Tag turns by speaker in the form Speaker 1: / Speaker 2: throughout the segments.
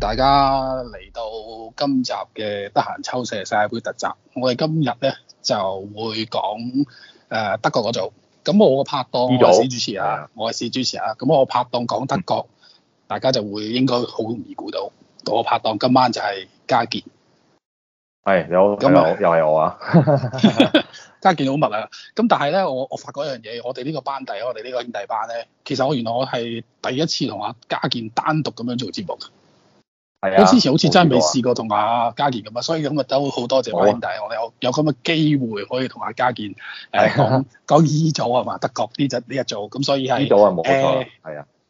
Speaker 1: 大家嚟到今集嘅得閒抽射世界盃特集，我哋今日咧就會講誒、呃、德國嗰組。咁我個拍檔早我係史主持啊，我係史主持啊。咁我拍檔講德國，嗯、大家就會應該好容易估到，到我拍檔今晚就係家健。
Speaker 2: 係、哎、有今日那又係我啊，
Speaker 1: 家 健好密啊！咁但係咧，我我發覺一樣嘢，我哋呢個班底，我哋呢個兄弟班咧，其實我原來我係第一次同阿家健單獨咁樣做節目。係啊，之前好似真係未試過同阿家健咁啊，所以咁啊都好多謝兄弟，我哋有有咁嘅機會可以同阿家健誒講講 E 組係嘛，德國啲就呢一組，咁所以係。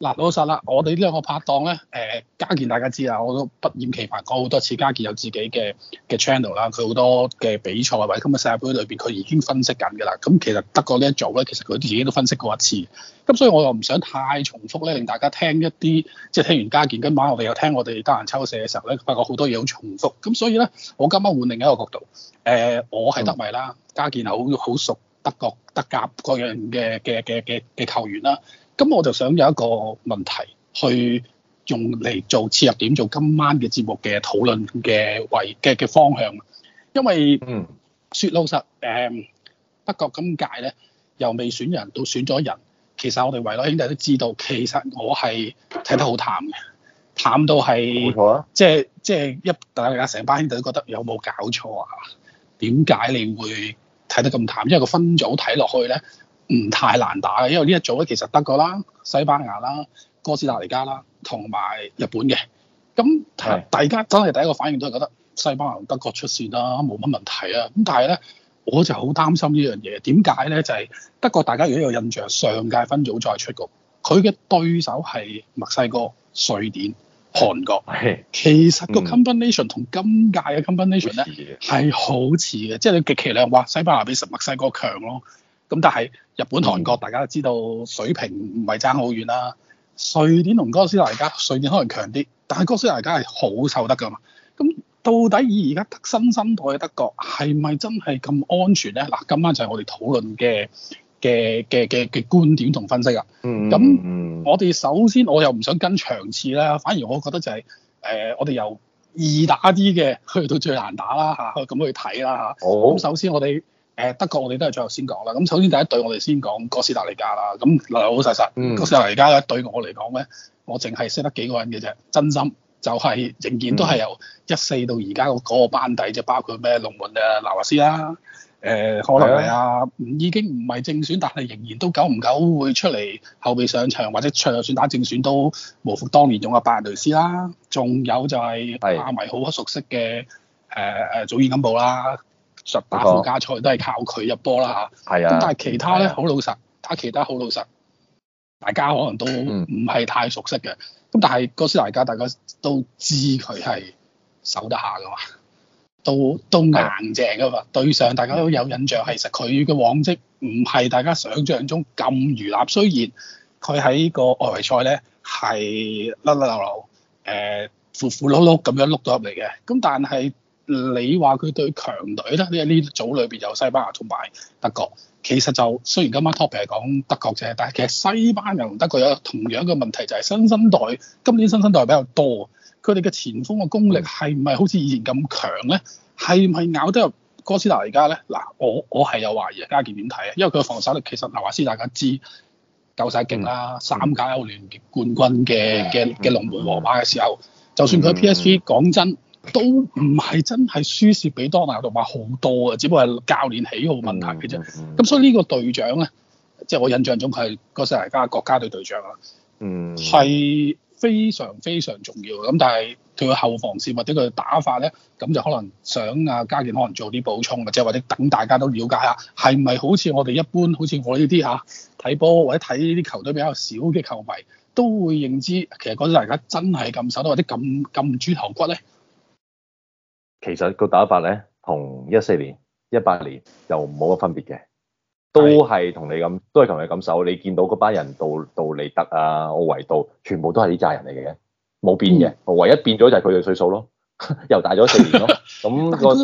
Speaker 1: 嗱老實啦，我哋呢兩個拍檔咧，誒家健大家知啦，我都不厭其煩講過好多次。家健有自己嘅嘅 channel 啦，佢好多嘅比賽或者今日世界杯裏邊佢已經分析緊㗎啦。咁其實德國呢一組咧，其實佢自己都分析過一次。咁所以我又唔想太重複咧，令大家聽一啲即係聽完家健今晚我哋又聽我哋得閒抽射嘅時候咧，發覺好多嘢好重複。咁所以咧，我今晚換另一個角度，誒、呃、我係德迷啦，家、嗯、健係好好熟德國德甲各樣嘅嘅嘅嘅球員啦。咁我就想有一個問題，去用嚟做切入點，做今晚嘅節目嘅討論嘅圍嘅嘅方向。因為説、嗯、老實誒，德國今屆咧又未選人到選咗人，其實我哋圍內兄弟都知道，其實我係睇得好淡嘅，淡到係冇錯啊！即係即係一大家成班兄弟都覺得有冇搞錯啊？點解你會睇得咁淡？因為個分組睇落去咧。唔太難打嘅，因為呢一組咧其實德國啦、西班牙啦、哥斯達尼加啦同埋日本嘅。咁大家真係第一個反應都係覺得西班牙同德國出線啦，啊，冇乜問題啊。咁但係咧，我就好擔心呢樣嘢。點解咧？就係、是、德國，大家如果有印象，上屆分組再出局，佢嘅對手係墨西哥、瑞典、韓國。的其實個 combination 同今屆嘅 combination 咧係好似嘅，即係你極其量話西班牙比墨西哥強咯。咁但係日本、韓國大家都知道水平唔係爭好遠啦、啊。瑞典同哥斯達加瑞典可能強啲，但係哥斯達加家係好受得㗎嘛。咁到底以而家新生代嘅德國係咪真係咁安全咧？嗱，今晚就係我哋討論嘅嘅嘅嘅嘅觀點同分析啦。咁、嗯，我哋首先我又唔想跟場次啦，反而我覺得就係、是、誒、呃，我哋由易打啲嘅去到最難打啦嚇，咁、啊、去睇啦嚇。咁、啊哦、首先我哋。誒德國我哋都係最後先講啦，咁首先第一隊我哋先講哥斯達尼加啦，咁老老實實，哥斯達尼加咧、嗯、對我嚟講咧，我淨係識得幾個人嘅啫，真心就係仍然都係由一四到而家個嗰個班底就、嗯、包括咩龍門嘅、啊、拿華斯啦、啊，誒、呃、可能係啊，的已經唔係正選，但係仍然都久唔久會出嚟後備上場，或者就算打正選都無復當年用阿巴雷斯啦、啊，仲有就係阿迷好熟悉嘅誒誒祖爾金布啦、啊。十打附加賽都係靠佢入波啦嚇，咁但係其他咧好老實，打其他好老實，大家可能都唔係太熟悉嘅，咁但係哥斯達尼加大家都知佢係守得下噶嘛，都都硬淨噶嘛，對上大家都有印象，其實佢嘅往績唔係大家想象中咁如蠟，雖然佢喺個外圍賽咧係甩甩流流，誒，糊糊碌碌咁樣碌到入嚟嘅，咁但係。你話佢對強隊咧？呢呢組裏邊有西班牙同埋德國，其實就雖然今晚 topic 係講德國啫，但係其實西班牙同德國有同樣嘅問題，就係、是、新生代，今年新生代比較多，佢哋嘅前鋒嘅功力係唔係好似以前咁強咧？係唔係咬得入哥斯達黎加咧？嗱，我我係有懷疑，家健點睇啊？因為佢嘅防守力其實嗱，話、啊、先大，大家知夠晒勁啦，三屆歐聯冠軍嘅嘅嘅龍門皇馬嘅時候，就算佢 PSV，講真。嗯嗯嗯嗯嗯都唔係真係輸蝕俾多拿隆馬好多啊，只不過係教練喜好問題嘅啫。咁、嗯嗯、所以呢個隊長啊，即、就、係、是、我印象中係個哥斯達尼加國家隊隊長啊，嗯，係非常非常重要嘅。咁但係佢嘅後防線或者佢嘅打法咧，咁就可能想啊加健可能做啲補充嘅，即或者等大家都了解下，係咪好似我哋一般好似我呢啲嚇睇波或者睇呢啲球隊比較少嘅球迷都會認知，其實哥斯達尼加真係撳手瓜或者撳撳豬頭骨咧？
Speaker 2: 其實個打法咧，同一四年、一八年又冇乜分別嘅，都係同你咁，都係同你咁守。你見到嗰班人杜杜利特啊、奧維杜，全部都係呢扎人嚟嘅，冇變嘅。嗯、唯一變咗就係佢嘅歲數咯，又大咗四年咯。咁、嗯 那個個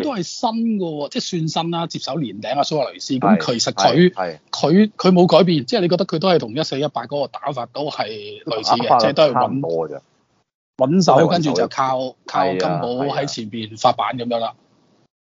Speaker 2: 都係
Speaker 1: 新嘅，即係算新啦，接手年頂啊，蘇亞雷斯。咁是其實佢佢佢冇改變，即、就、係、是、你覺得佢都係同一四一八嗰個打法都係類似嘅，即係都係穩多
Speaker 2: 嘅咋。穩守，跟住
Speaker 1: 就靠靠金寶喺前邊發
Speaker 2: 板咁樣啦。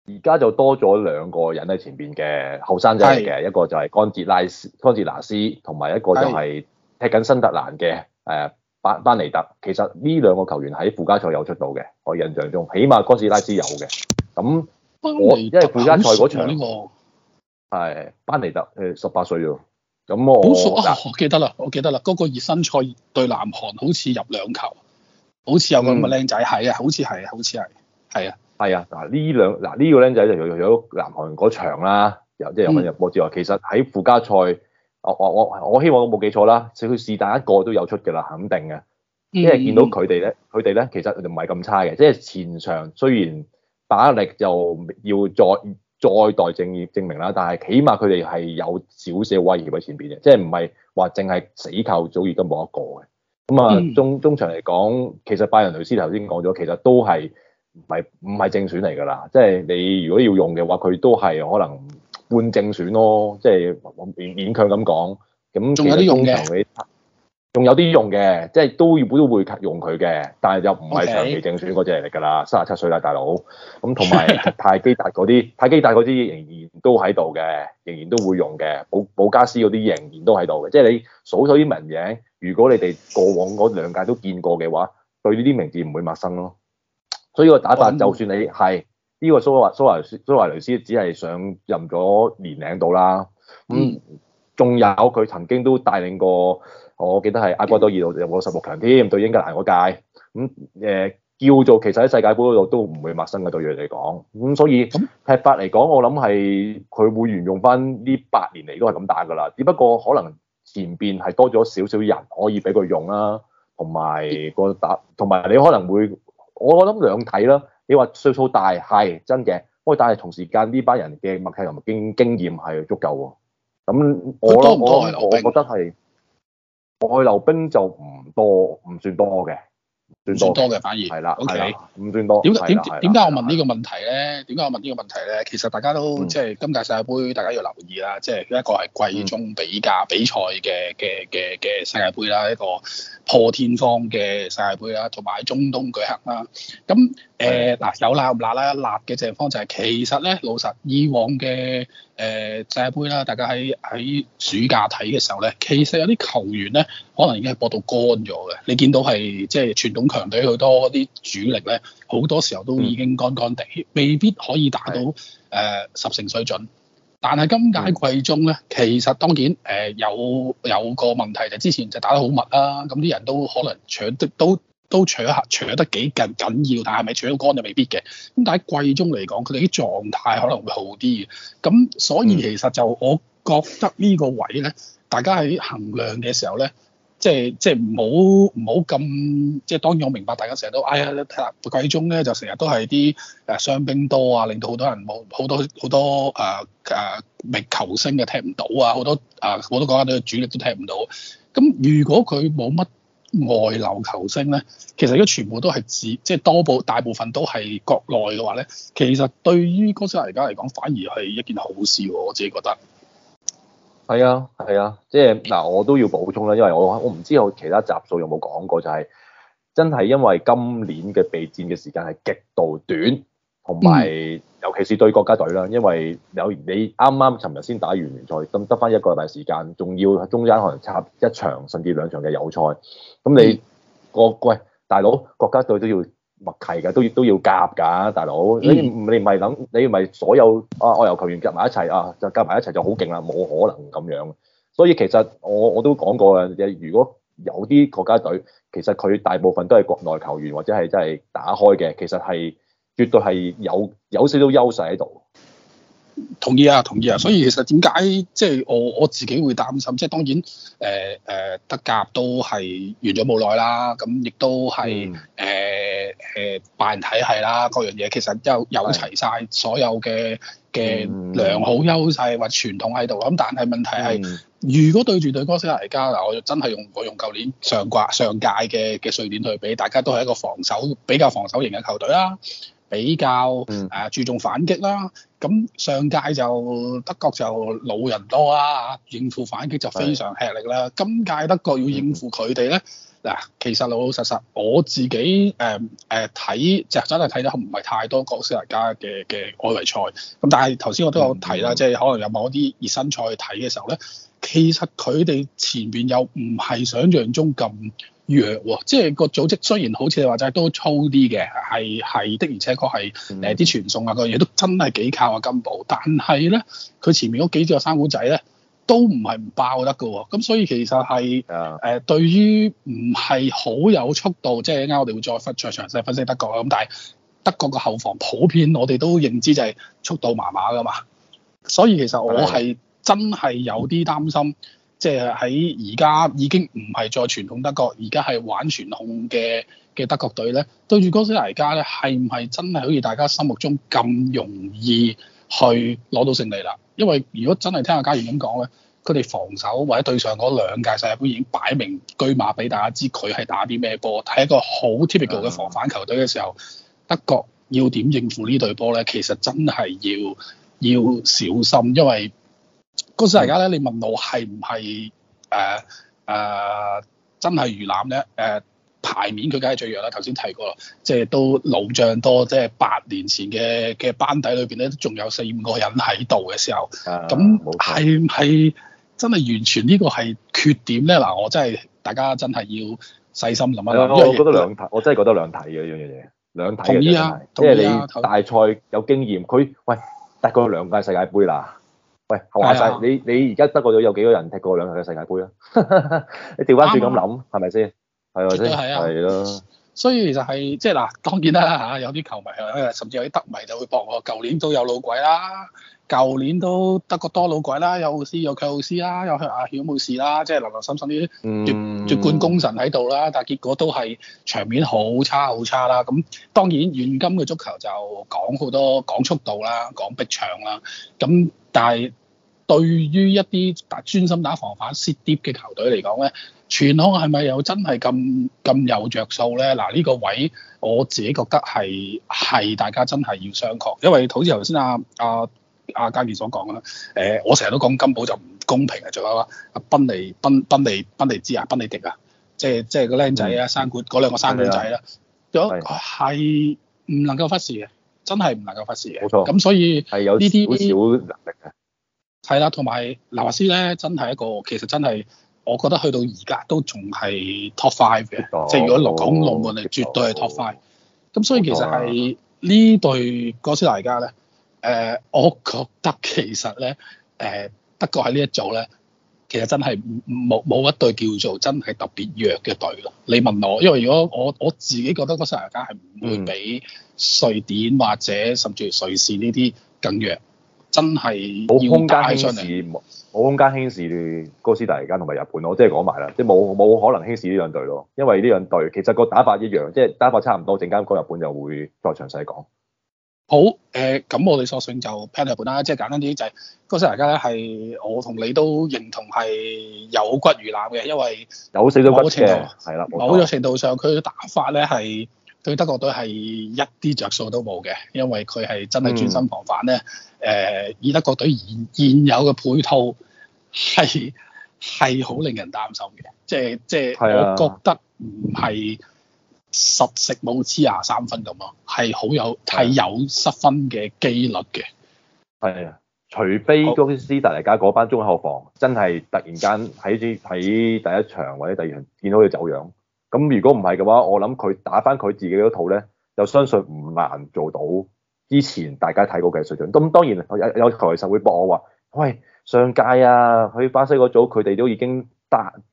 Speaker 2: 而家就多咗兩個人喺前邊嘅後生仔嘅，是一個就係戈哲拉斯、戈哲拿斯，同埋一個就係踢緊新特蘭嘅誒巴班尼特。其實呢兩個球員喺附加賽有出到嘅，我印象中起碼戈治拉斯有嘅。咁
Speaker 1: 不過而家係附加賽嗰場呢
Speaker 2: 個係班尼特誒十八歲喎。咁我好熟，我
Speaker 1: 記得啦，我記得啦，嗰、嗰個熱身賽對南韓好似入兩球。
Speaker 2: 好似有個咁嘅靚
Speaker 1: 仔，係啊、嗯，好似係，好似係，
Speaker 2: 係啊，係啊。嗱呢兩嗱呢個靚仔、這個、就除咗南韓嗰場啦，有即係有冇入波之外，其實喺附加賽，我我我我希望我冇記錯啦，佢是但一個都有出嘅啦，肯定嘅。因為見到佢哋咧，佢哋咧其實佢哋唔係咁差嘅，即係前場雖然打力就要再再待正業證明啦，但係起碼佢哋係有少少威脅喺前邊嘅，即係唔係話淨係死扣早已都冇一個嘅。咁啊、嗯，中中場嚟講，其實拜仁隊師頭先講咗，其實都係唔係唔係正選嚟㗎啦。即係你如果要用嘅話，佢都係可能半正選咯。即係勉勉強咁講，咁仲有啲用嘅。仲有啲用嘅，即係都都會用佢嘅，但係又唔係長期正選嗰隻嚟噶啦，三十七歲啦，大佬咁，同埋泰基達嗰啲，泰基達嗰啲仍然都喺度嘅，仍然都會用嘅，保保加斯嗰啲仍然都喺度嘅，即係你數數啲名嘢，如果你哋過往嗰兩屆都見過嘅話，對呢啲名字唔會陌生咯。所以個打法，就算你係呢、嗯這個蘇蘇華蘇華雷斯，斯只係上任咗年零度啦，咁、嗯、仲有佢曾經都帶領過。我記得係亞軍多二度，有冇十六強添，對英格蘭嗰屆咁，誒叫做其實喺世界盃度都唔會陌生嘅對佢嚟講，咁、嗯、所以踢法嚟講，我諗係佢會沿用翻呢八年嚟都係咁打㗎啦。只不過可能前邊係多咗少少人可以俾佢用啦、啊，同埋個打同埋你可能會我諗兩睇啦。你話歲數大係真嘅，不過但係同時間呢班人嘅默契同埋經經驗係足夠喎。咁我多多我我覺得係。外流兵就唔多，唔算多嘅。多嘅反而係啦，係啦 Okay，五算多。點解點解
Speaker 1: 我問呢個問題咧？點解我問呢個問題咧？其實大家都大家、嗯、即係今屆世界盃，大家要留意啦。即係一個係季中比價比賽嘅嘅嘅嘅世界盃啦，一個破天荒嘅世界盃啦，同埋喺中東舉行啦。咁誒嗱，有辣唔辣啦？辣嘅地方就係其實咧，老實以往嘅誒世界盃啦，大家喺喺暑假睇嘅時候咧，其實有啲球員咧，可能已經係播到乾咗嘅。你見到係即係傳統強場隊好多啲主力咧，好多時候都已經乾乾地，未必可以打到誒、呃、十成水準。但係今屆季中咧，其實當然誒、呃、有有個問題就是、之前就打得好密啦，咁啲人都可能搶得都都搶下搶得幾緊緊要，但係咪搶到乾就未必嘅。咁但係季中嚟講，佢哋啲狀態可能會好啲嘅。咁所以其實就我覺得呢個位咧，大家喺衡量嘅時候咧。即係即係，唔好唔好咁，即係當然我明白，大家成日都哎呀，睇下季中咧，就成日都係啲誒傷兵多啊，令到好多人冇好多好多誒誒、啊啊、球星嘅踢唔到啊，好多啊國家隊嘅主力都踢唔到。咁如果佢冇乜外流球星咧，其實而家全部都係指，即係多部大部分都係國內嘅話咧，其實
Speaker 2: 對於哥斯達黎加嚟講反而係一件好事喎，我自己覺得。係啊，係啊，即係嗱，我都要補充啦，因為我我唔知我其他集數有冇講過，就係真係因為今年嘅備戰嘅時間係極度短，同埋尤其是對國家隊啦，因為有你啱啱尋日先打完聯賽，咁得翻一個禮拜時間，仲要中間可能插一場甚至兩場嘅友賽，咁你個喂大佬國家隊都要。默契嘅都都要夾㗎，大佬。嗯、你唔你唔係諗你唔係所有啊，外遊球,球員夾埋一齊啊，就夾埋一齊就好勁啦，冇可能咁樣。所以其實我我都講過嘅，如果有啲國家隊，其實佢大部分都係國內球員或者係真係打開嘅，其實係絕對係有有少少優勢喺度。同意啊，同意啊。所以其實點解即係我我自己
Speaker 1: 會擔心，即、就、係、係、當然誒誒、呃呃，德甲都係完咗冇耐啦，咁亦都係誒。嗯誒辦、呃、體系啦，各樣嘢其實又有齊晒所有嘅嘅、嗯、良好優勢或傳統喺度。咁但係問題係，嗯、如果對住對哥斯達黎加嗱，我就真係用我用舊年上掛上屆嘅嘅瑞典去比，大家都係一個防守比較防守型嘅球隊啦，比較誒、呃、注重反擊啦。咁上屆就德國就老人多啦，應付反擊就非常吃力啦。嗯嗯、今屆德國要應付佢哋呢。嗱，其實老老實實我自己誒誒睇就真係睇得唔係太多哥斯達尼加嘅嘅外圍賽，咁但係頭先我都有提啦，嗯、即係可能有某啲熱身賽去睇嘅時候咧，其實佢哋前面又唔係想像中咁弱喎、哦，即係個組織雖然好似你話齋都粗啲嘅，係係的而且確係誒啲傳送啊嗰樣嘢都真係幾靠啊金寶，但係咧佢前面嗰幾隻生股仔咧。都唔係唔爆得噶喎，咁所以其實係誒 Yeah.、呃、對於唔係好有速度，即係啱我哋會再分再詳細分析德國。咁但係德國嘅後防普遍，我哋都認知就係速度麻麻噶嘛。所以其實我係真係有啲擔心，Yeah. 即係喺而家已經唔係再傳統德國，而家係玩傳控嘅嘅德國隊咧，對住哥斯達黎加咧，係唔係真係好似大家心目中咁容易？去攞到勝利啦，因為如果真係聽阿家健咁講咧，佢哋防守或者對上嗰兩屆世界盃已經擺明車馬俾大家知佢係打啲咩波，係一個好 typical 嘅防反球隊嘅時候，德國要點應付隊呢隊波咧？其實真係要要小心，因為嗰時而家咧，你問我係唔係誒誒真係魚腩咧誒？呃排面佢梗係最弱啦，頭先提過啦，即係都老將多，即係八年前嘅嘅班底裏邊咧，仲有四五個人喺度嘅時候，咁係係真係完全呢個係缺點咧。嗱，我真係大家真係要細心諗一諗。哎、呀我覺得兩
Speaker 2: 睇，為我真係覺得兩睇嘅一樣嘢，就是、兩睇嘅即係你大賽有經驗。佢喂得過兩屆世界盃啦，喂，話曬你、啊、你而家德國隊有幾多人踢過兩屆世界盃啊？ 你調翻轉咁諗，係咪先？絕對啊，係啊的，
Speaker 1: 所以其實係即係嗱，當然啦嚇，有啲球迷甚至有啲德迷就會博喎。舊年都有老鬼啦，舊年都德國多老鬼啦，有奧斯有卡奧斯啦，有阿阿曉姆士啦，即係林林審審啲奪奪冠功臣喺度啦，但係結果都係場面好差好差啦。咁當然現今嘅足球就講好多講速度啦，講逼搶啦，咁但係。對於一啲打專心打防反 sit deep 嘅球隊嚟講咧，全控係咪又真係咁咁有着數咧？嗱，呢個位我自己覺得係係大家真係要商榷，因為好似頭先阿阿阿家健所講啦。誒，我成日都講金寶就唔公平啊，仲有阿賓利賓賓利賓利芝啊，賓利迪啊，即係即係個靚仔啊，山谷嗰兩個山區仔啦，咁係唔能夠忽視嘅，真係唔能夠忽視嘅。冇錯，咁所以係有呢啲好少能力嘅。係啦，同埋納瓦斯咧，真係一個，其實真係，我覺得去到而家都仲係 top five 嘅，到即係如果講龍門嚟，到絕對係 top five 到。咁所以其實係呢到隊哥斯達黎加咧，誒、呃，我覺得其實咧，誒、呃，德國喺呢一組咧，其實真係冇冇一隊叫做真係特別弱嘅隊咯。你問我，因為如果我
Speaker 2: 我自己覺得哥斯達黎加係
Speaker 1: 唔會比瑞典或者甚至瑞士呢啲更弱。真係冇空間輕視，
Speaker 2: 冇空間輕視哥斯達黎加同埋日本，我即係講埋啦，即係冇冇可能輕視呢兩隊咯，因為呢兩隊其實個打法一樣，即係打法差唔多，陣間個日本就會再詳細講。
Speaker 1: 好，誒、呃，咁我哋索性就 plan 日本啦，即係簡單啲就係、是、哥斯達黎加咧，係我同你都認同係有骨如男嘅，因為有死到骨嘅，係啦，某種程度上佢打法咧係。對德國隊係一啲着數都冇嘅，因為佢係真係專心防範咧。誒、嗯呃，以德國隊現現有嘅配套，係係好令人擔心嘅。即係即係，是啊、我覺得唔係實食冇黐廿三分咁咯，係好有係是、啊、有失分嘅機
Speaker 2: 率嘅。係啊，除非哥斯達尼加嗰班中後防真係突然間喺喺第一場或者第二場見到佢走樣。咁如果唔係嘅話，我諗佢打返佢自己嗰套咧，就相信唔難做到之前大家睇過嘅水準。咁當然有有球迷會駁我話，喂，上屆啊，去巴西嗰組佢哋都已經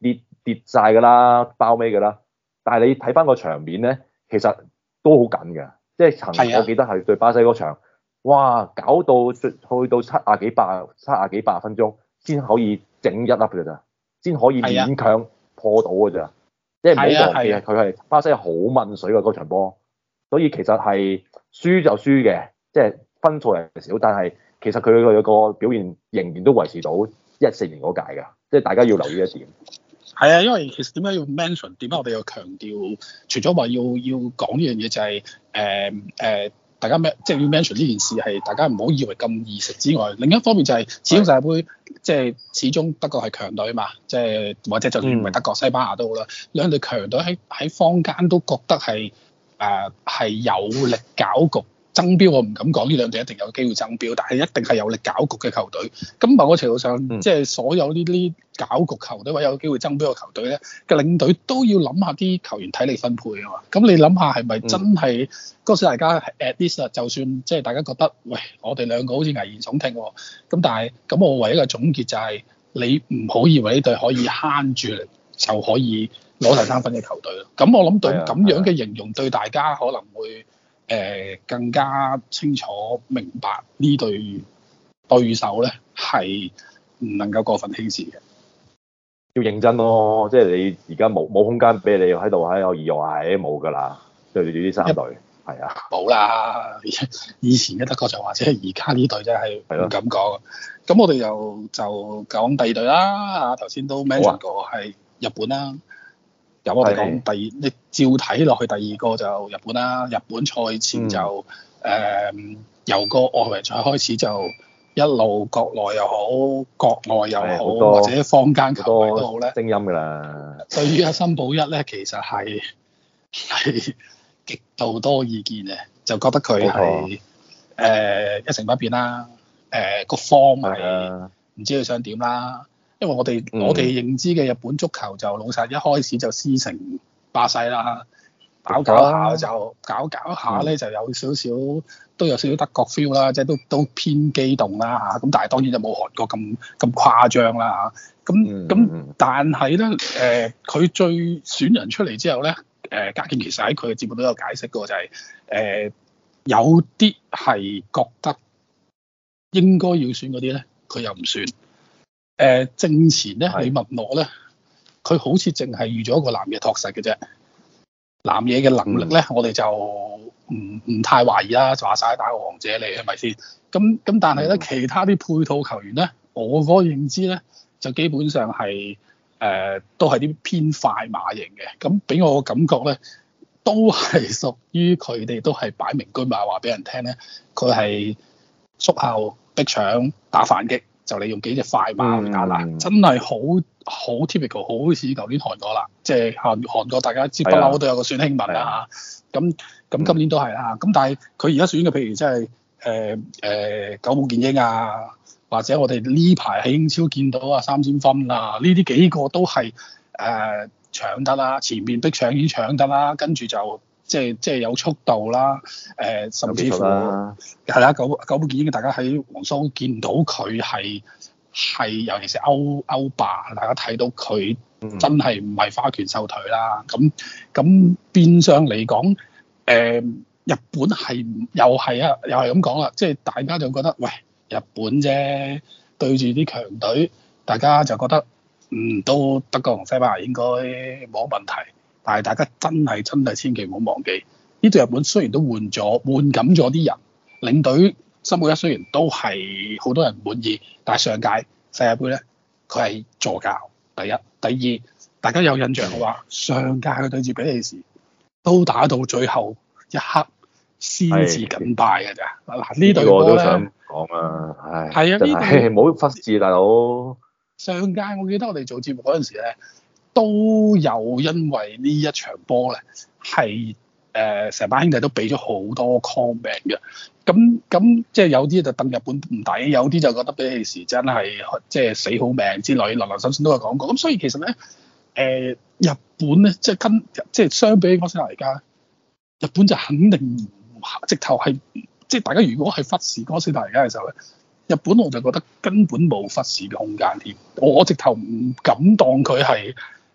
Speaker 2: 跌跌晒㗎啦，包尾㗎啦。但係你睇返個場面咧，其實都好緊㗎，即係曾、啊、我記得係對巴西嗰場，哇，搞到去到七啊幾百七啊幾百分鐘先可以整一粒㗎咋，先可以勉強破到㗎咋。即係冇啊！佢係巴西好掹水嘅嗰、那個、場波，所以其實係輸就輸嘅，即、就、係、是、分數係少，但係其實佢個表現仍然都維持到一四年嗰屆㗎，即係大家要留意一點。
Speaker 1: 係啊，因為其實點解要 mention？點解我哋要強調？除咗話要要講呢樣嘢，就係誒誒。呃大家咩，即係要 mention 呢件事係大家唔好以為咁易食之外，另一方面就係始終世界盃，即係始終德國係強隊啊嘛，即、就、係、係、或者就算唔係德國，嗯、西班牙都好啦，兩隊強隊喺喺坊間都覺得係誒係有力搞局。爭標我唔敢講，呢兩隊一定有機會爭標，但係一定係有力搞局嘅球隊。咁某個程度上，嗯、即係所有呢啲搞局球隊或者有機會爭標嘅球隊咧，嘅領隊都要諗下啲球員體力分配啊嘛。咁你諗下係咪真係？嗰時、嗯、大家 at least 就算即係大家覺得，喂，我哋兩個好似危言聳聽喎、哦。咁但係，咁我唯一嘅總結就係、是、你唔好以為呢隊可以慳住嚟就可以攞曬三分嘅球隊咯。咁、嗯、我諗對咁樣嘅形容對大家可能會。嗯嗯嗯誒、呃、更加清楚明白
Speaker 2: 呢隊對，對手咧，係唔能夠過分輕視嘅，要認真咯、哦。嗯、即係你而家冇冇空間俾你喺度喺我意話，誒冇㗎啦。對住呢三隊，
Speaker 1: 係啊，冇啦。以前嘅德國就或者而家呢隊啫，係唔敢講。咁我哋又就講第二隊啦。啊頭先都 mention 過係日本啦、啊。由我哋講，第二的你照睇落去，第二個就日本啦、啊。日本賽前就誒、嗯呃、由個外圍賽開始就一路國內又好，國外又好，或者坊間球迷都好咧。聲音㗎啦。對於阿森保一咧，其實係係極度多意見嘅，就覺得佢係誒一成不變啦。誒個 form 係唔知佢想點啦。因為我哋、嗯、我哋認知嘅日本足球就老實一開始就師承巴西啦，搞搞下就搞搞下咧，就有少少、嗯、都有少少德國 feel 啦，即係都都偏機動啦嚇，咁但係當然就冇韓國咁咁誇張啦嚇，咁咁但係咧誒佢最選人出嚟之後咧誒、呃、家健其實喺佢嘅節目都有解釋過就係、是、誒、呃、有啲係覺得應該要選嗰啲咧，佢又唔選。誒、呃、正前咧，李文樂咧，佢好似淨係預咗一個南野拓實嘅啫。南野嘅能力咧，嗯、我哋就唔唔太懷疑啦，就話晒打王者嚟係咪先？咁咁但係咧，其他啲配套球員咧，我個認知咧，就基本上係誒、呃、都係啲偏快馬型嘅。咁俾我個感覺咧，都係屬於佢哋都係擺明車馬話俾人聽咧，佢係縮後逼搶打反擊。就你用幾隻快馬去打啦，嗯嗯、真係好好 typical，好似舊年韓國啦，即係韓韓國大家知不嬲的都有個孫興慜啦，咁咁今年都係啦，咁、嗯、但係佢而家選嘅譬如即係誒誒久保建英啊，或者我哋呢排喺英超見到三千啊三笘薰啦，呢啲幾個都係誒、呃、搶得啦，前面逼搶已經搶得啦，跟住就。即係即係有速度啦，誒、呃，甚至乎係啦，九、啊、久保建大家喺黃沙見到佢係係，尤其是歐歐霸，大家睇到佢真係唔係花拳繡腿啦。咁咁變相嚟講，誒、呃，日本係又係啊，又係咁講啦，即係大家就覺得喂，日本啫，對住啲強隊，大家就覺得嗯，都德國同西班牙應該冇問題。但係大家真係真係千祈唔好忘記，呢隊日本雖然都換咗換緊咗啲人，領隊森保一雖然都係好多人滿意，但係上屆世界盃咧，佢係助教第一，第二，大家有印象嘅話，上屆佢對住比利時都打到最後一刻先至僅敗㗎咋。嗱的呢隊我都想
Speaker 2: 講啊，唉，係啊的，呢隊唔好忽視大佬。
Speaker 1: 上屆我記得我哋做節目嗰陣時咧。都有因為呢一場波咧，係誒成班兄弟都俾咗好多 comment 嘅。咁咁、嗯、即係有啲就戥日本唔抵，有啲就覺得呢件事真係即係死好命之類，輪輪手手都有講過。咁所以其實咧，誒、呃、日本咧，即係跟即係相比起哥斯達黎加，日本就肯定直頭係即係大家如果係忽視哥斯達黎加嘅時候咧，日本我就覺得根本冇忽視嘅空間添。我我直頭唔敢當佢係。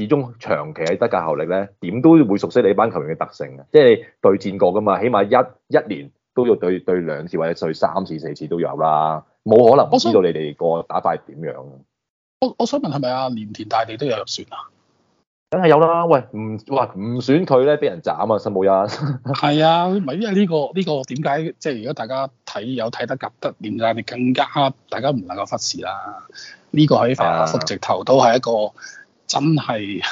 Speaker 2: 始終長期喺德甲效力咧，點都會熟悉你班球員嘅特性嘅，即係對戰過噶嘛，起碼一一年都要對對兩次或者對三次四次都有啦，冇可能唔知道你哋個打法係點樣我。我我想問係咪
Speaker 1: 啊，連田大地都有入選啊？
Speaker 2: 梗係有啦，喂，唔喂唔選佢咧，俾人斬啊，森保一？係 啊，唔係因為呢
Speaker 1: 個呢個點解？即係如果大家睇有睇得及得點解，你更加大家唔能夠忽視啦。呢、這個喺复复直頭都係一個。真係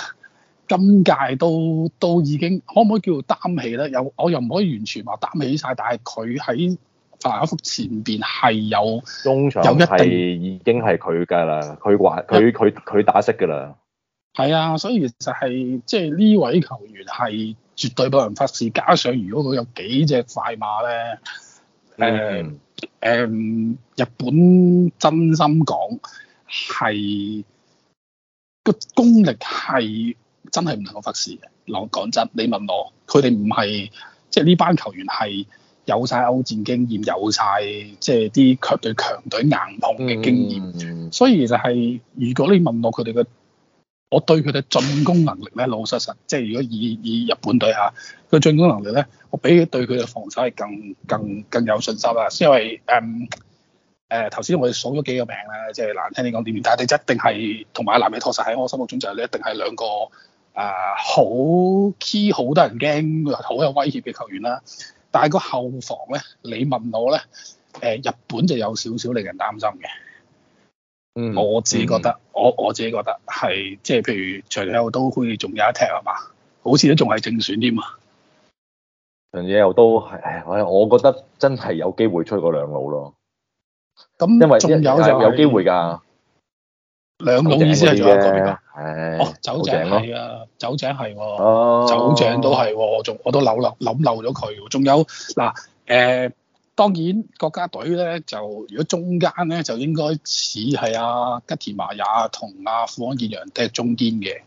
Speaker 1: 今屆都都已經可唔可以叫做擔起咧？又我又唔可以完全話擔起晒，但係佢喺法阿福前邊係有中場有一定
Speaker 2: 已經係佢㗎啦。佢話佢佢佢打識㗎啦。
Speaker 1: 係啊，所以其實係即係呢位球員係絕對不容忽視。加上如果佢有幾隻快馬咧，誒誒、嗯呃嗯，日本真心講係。個功力係真係唔能夠忽視嘅。嗱，我講真，你問我，佢哋唔係即係呢班球員係有晒歐戰經驗，有晒即係啲對強隊硬碰嘅經驗。嗯嗯、所以其實係如果你問我佢哋嘅，我對佢哋進攻能力咧，老老實實即係如果以以日本隊吓佢進攻能力咧，我比對佢嘅防守係更更更有信心啦。因為誒。Um, 誒，頭先、呃、我哋數咗幾個名啦，即係難聽啲講，但係你一定係同埋阿南野拓實喺我心目中就係、是、你一定係兩個啊好 key 好多人驚，好有威脅嘅球員啦。但係個後防咧，你問我咧，誒、呃，日本就有少少令人擔心嘅。我自己覺得，我我自己覺得係即係譬如長友佑都好似
Speaker 2: 仲有一踢係嘛，好似都仲係正選添啊。長友佑都係，我我覺得真係有機會出過兩路咯。咁那因為仲有就有機會噶，
Speaker 1: 兩種意思係仲有個邊
Speaker 2: 啊？哦，酒井係啊，
Speaker 1: 哦、酒井係喎，酒井都係喎，仲我都扭啦，諗漏咗佢。仲有嗱，誒、呃，當然國家隊咧就如果中間咧就應該似係啊吉田麻也同阿富安健洋都係中堅嘅，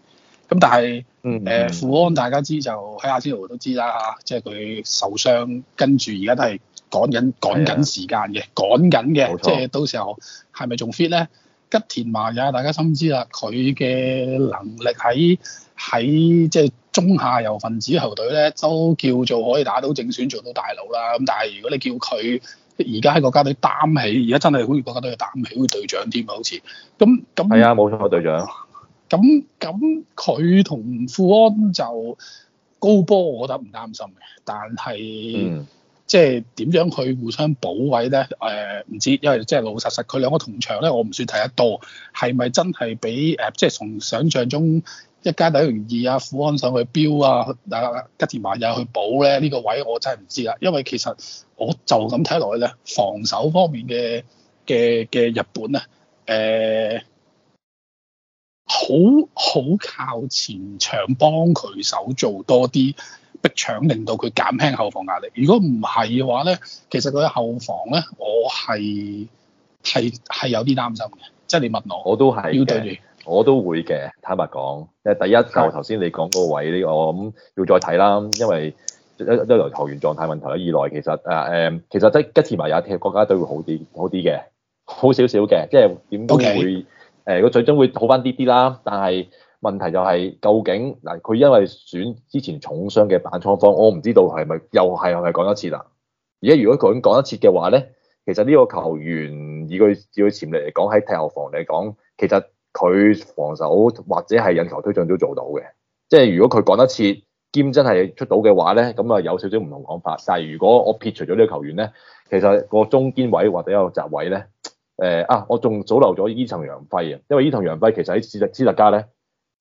Speaker 1: 咁但係誒、嗯嗯呃、富安大家知就喺阿仙奴都知啦吓，即係佢受傷跟住而家都係。趕緊趕緊時間嘅，趕緊嘅，冇錯。即係到時候係咪仲 fit 咧？吉田麻也大家心知啦，佢嘅能力喺喺即係中下游分子球隊咧，都叫做可以打到正選做到大佬啦。咁但係如果你叫佢而家喺國家隊擔起，而家真係好似國家隊要擔起個隊
Speaker 2: 長添啊，好似咁咁。係啊，冇錯，隊長。
Speaker 1: 咁咁佢同富安就高波，我覺得唔擔心嘅，但係，嗯即係點樣去互相補位呢？誒、呃、唔知，因為即係老老實實，佢兩個同場呢，我唔算睇得多，係咪真係比？誒、呃、即係從想像中一家底容易啊？富安上去標啊，吉田麻也去補呢，呢、這個位我真係唔知啦。因為其實我就咁睇落去呢，防守方面嘅嘅嘅日本咧，誒好好靠前場幫佢手做多啲。逼搶令到佢減輕後防壓力。如果唔
Speaker 2: 係嘅話咧，其實佢後防咧，我係係係有啲擔心嘅。即係你問我，我都係要對住，我都會嘅。坦白講，即係第一就頭先你講嗰個位呢，的我諗要再睇啦，因為一一來球員狀態問題啦，二來其實啊誒，其實即係吉住埋也踢國家隊會好啲，好啲嘅，好少少嘅，即係點都會誒？佢最終會好翻啲啲啦，但係。問題就係、是、究竟嗱，佢因為選之前重傷嘅板倉方，我唔知道係咪又係係講一次啦。而家如果佢講一次嘅話咧，其實呢個球員以佢以佢潛力嚟講，喺踢後防嚟講，其實佢防守或者係引球推進都做到嘅。即係如果佢講一次兼真係出到嘅話咧，咁啊有少少唔同講法。但係如果我撇除咗呢個球員咧，其實個中堅位或者個閘位咧，誒、呃、啊，我仲保留咗伊藤洋輝啊，因為伊藤洋輝其實喺史特史特加咧。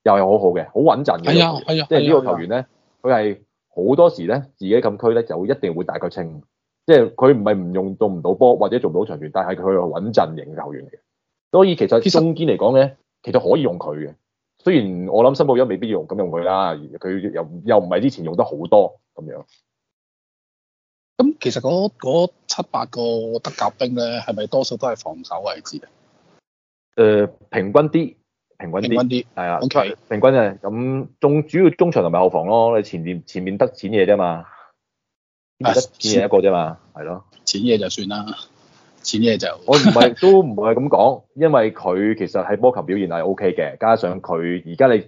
Speaker 2: 又係好好嘅，好穩陣嘅，係啊係啊，啊即係呢個球員咧，佢係好多時咧自己禁區咧就一定會大腳清，即係佢唔係唔用做唔到波或者做唔到長傳，但係佢係穩陣型嘅球員嚟嘅，所以其實中堅嚟講咧，其實，其實可以用佢嘅，雖然我諗新保佑未必要用，咁用佢啦，佢又又唔係之前用得好多咁樣、
Speaker 1: 嗯。咁其實嗰七八個德甲兵咧，係咪多數都係防守位置啊？誒、
Speaker 2: 呃，平均啲。平均啲，係啊，平均啊，咁的 Okay. 仲主要中場同埋後防咯，你前面前面得淺嘢啫嘛，得淺嘢一個啫嘛，係咯，淺嘢就算啦，淺嘢就我唔係 都唔係咁講，因為佢其實喺波球表現係 O K 嘅，加上佢而家你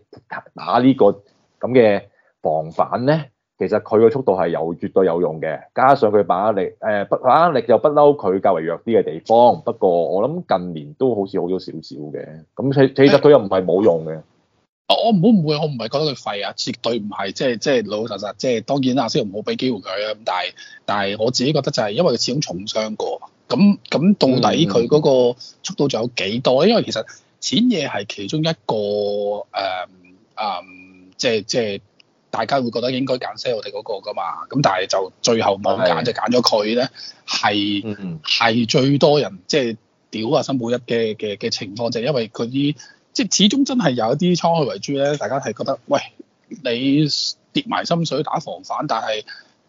Speaker 2: 打呢個咁嘅防反咧。其實佢個速度係有絕對有用嘅，加上佢把握力，誒不把握力又不嬲佢較為弱啲嘅地方。不過我諗近年都好似好咗少少嘅，咁其其實佢又唔係冇用嘅、欸。
Speaker 1: 我我唔會唔會，我唔係覺得佢廢啊，絕對唔係，即係即係老老實實，即係當然阿司唔好俾機會佢啊。咁但係但係我自己覺得就係、是、因為佢始終重傷過，咁咁到底佢嗰個速度仲有幾多？嗯、因為其實錢嘢係其中一個誒啊、嗯嗯，即係即係。大家會覺得應該揀 sell 我哋嗰個㗎嘛，咁但係就最後冇揀的就揀咗佢咧，係係、嗯嗯、最多人即係屌啊新保一嘅嘅嘅情況，就係、是、因為佢啲即係始終真係有一啲滄海遺珠咧，大家係覺得喂，你跌埋心水打防反，但係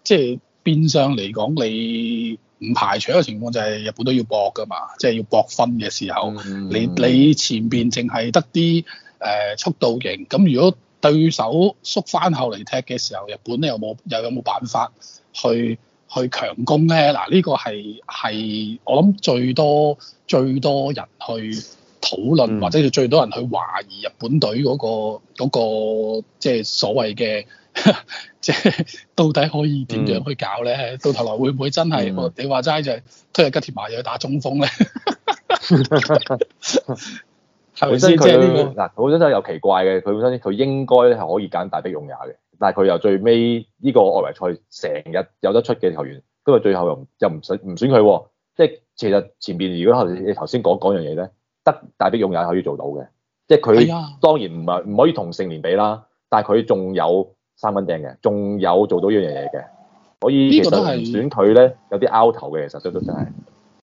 Speaker 1: 即係變相嚟講你唔排除一個情況，就係日本都要搏㗎嘛，即、就、係、是、要搏分嘅時候，嗯嗯你你前邊淨係得啲誒、呃、速度型，咁如果對手縮翻後嚟踢嘅時候，日本你有冇又有冇辦法去去強攻咧？嗱、啊，呢、呢個係係我諗最多最多人去討論，嗯、或者最多人去懷疑日本隊嗰、嗰個即係、嗰個即係、所謂嘅，即 係到底可以點樣去搞咧？嗯、到頭來會唔會真係、嗯、你話齋就係、推日吉田麻也去打中鋒咧？
Speaker 2: 本身佢嗱，本身真係又奇怪嘅。佢本身，佢應該係可以揀大迫勇也嘅，但係佢又最尾呢個外圍賽成日有得出嘅球員，咁啊最後又又唔選唔選佢，即係其實前邊如果你頭先講講樣嘢咧，得大迫勇也可以做到嘅，即係佢當然唔係唔可以同成年比啦，但係佢仲有三分掟嘅，仲有做到呢樣嘢嘅，所以其實唔選佢咧有啲拗頭嘅，其實都都真係。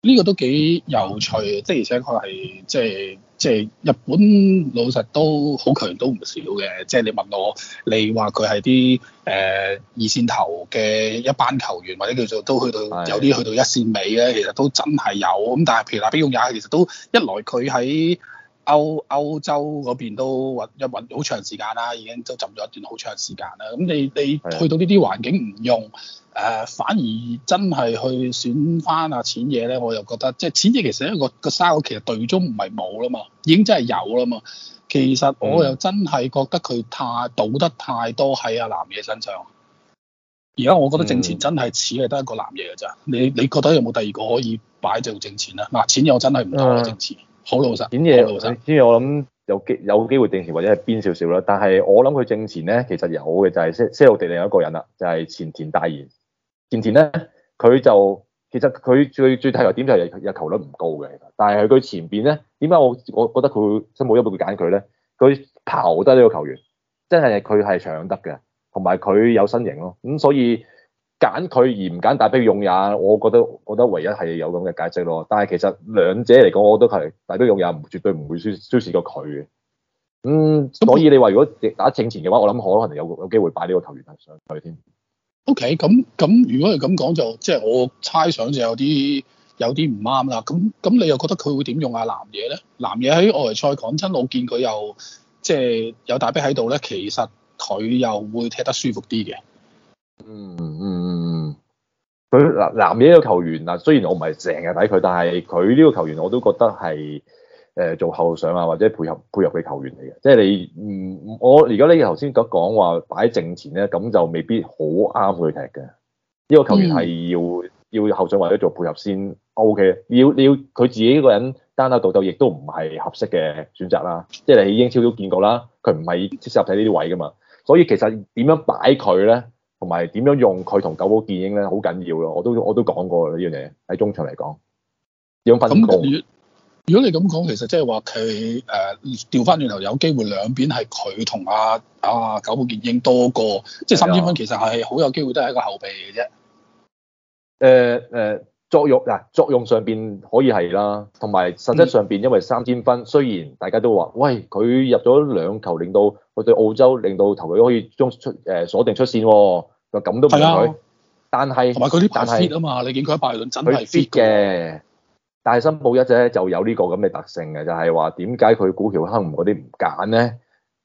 Speaker 1: 呢個都幾有趣，即係而且佢係即係即係日本老實都好強，都唔少嘅。即係你問我，你話佢係啲誒二線頭嘅一班球員，或者叫做都去到有啲去到一線尾咧，其實都真係有。咁但係譬如話比勇也，其實都一來佢喺，歐歐洲嗰邊都揾一揾好長時間啦，已經都浸咗一段好長時間啦。咁你你去到呢啲環境唔用誒、呃，反而真係去選翻啊淺野咧，我又覺得即係淺野其實一、嗰個、嗰個三個其實隊中唔係冇啦嘛，已經真係有啦嘛。其實我又真係覺得佢太賭得太多喺阿南野身上。而家我覺得正選真係似係得一個南野嘅啫。你你覺得有冇第二個可以擺就正選咧？嗱、啊，淺野我真係唔得啊，正好老實，演嘢夜老實。
Speaker 2: 因為我諗有機有機會定前或者係邊少少啦。但係我諗佢正前咧，其實有嘅就係些路迪另一個人啦，就係、是、前田大然。前田咧，佢就其實佢最最睇頭點就係入球率唔高嘅。但係佢前邊咧，點解我我覺得佢森保一會揀佢咧？佢跑得呢跑個球員真係佢係搶得嘅，同埋佢有身形咯。咁、嗯、所以。揀佢而唔揀大迫勇也，我覺得我覺得唯一係有咁嘅解釋咯。但係其實兩者嚟講，我都係大迫勇也唔絕對唔會輸輸蝕過佢嘅。咁、嗯、所以你話如果打正前嘅話，那我諗可能有有機會擺呢個球員上佢添。
Speaker 1: O K，咁咁如果係咁講就即係我猜想就有啲有啲唔啱啦。咁咁你又覺得佢會點用啊南野咧？南野喺外圍賽講真，我見佢又即係、就是、有大迫喺度咧，其實佢
Speaker 2: 又會踢得舒服啲嘅。嗯嗯嗯嗯，佢、嗯、男男嘅一個球員啊，雖然我唔係成日睇佢，但係佢呢個球員我都覺得係誒、呃、做後上啊或者配合配合嘅球員嚟嘅，即、就、係、是、你唔、嗯、我而家你頭先講講話擺正前咧，咁就未必好啱佢踢嘅呢，這個球員係要、嗯、要後上或者做配合先，OK，要你要佢自己一個人單打獨鬥，亦都唔係合適嘅選擇啦，即、就、係、是、你英超都見過啦，佢唔係適合喺呢啲位噶嘛，所以其實點樣擺佢咧？同埋點樣用佢同久保建英咧，好緊要咯。我都我都講過呢樣嘢喺中場嚟講，點樣分。咁、嗯、如
Speaker 1: 果你咁講，其實即係話佢誒調翻轉頭有機會兩邊係佢同阿啊，啊久保建英多過，即係三千分其實係好有機會都係一個後備嘅
Speaker 2: 啫。誒誒、嗯。嗯嗯作用嗱，作用上邊可以係啦，同埋實質上邊，因為三千分雖然大家都話，喂，佢入咗兩球，令到佢對澳洲，令到頭幾可以將出誒鎖定出線喎，就咁都唔佢，但係同埋佢啲但 fit 啊
Speaker 1: 嘛，你見佢喺拜倫真係 fit 嘅，
Speaker 2: 但係森保一咧就有呢個咁嘅特性嘅，就係話點解佢古橋亨梧嗰啲唔揀咧？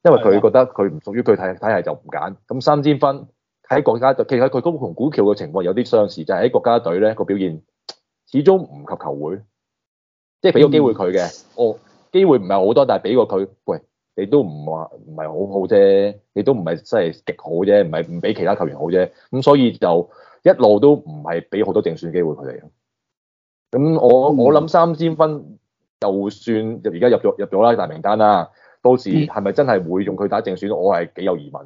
Speaker 2: 因為佢覺得佢唔屬於佢睇睇係就唔揀，咁三千分喺國家隊，其實佢同古橋嘅情況有啲相似，就係、是、喺國家隊咧個表現。始終唔及球會，即係俾個機會佢嘅，我，嗯，哦，機會唔係好多，但係俾過佢。喂，你都唔話唔係好好啫，你都唔係真係極好啫，唔係唔比其他球員好啫。咁所以就一路都唔係俾好多正選機會佢哋。咁我我諗三千分就算而家入咗入咗啦大名單啦，到時係咪真係會用佢打正選，我係幾有疑問。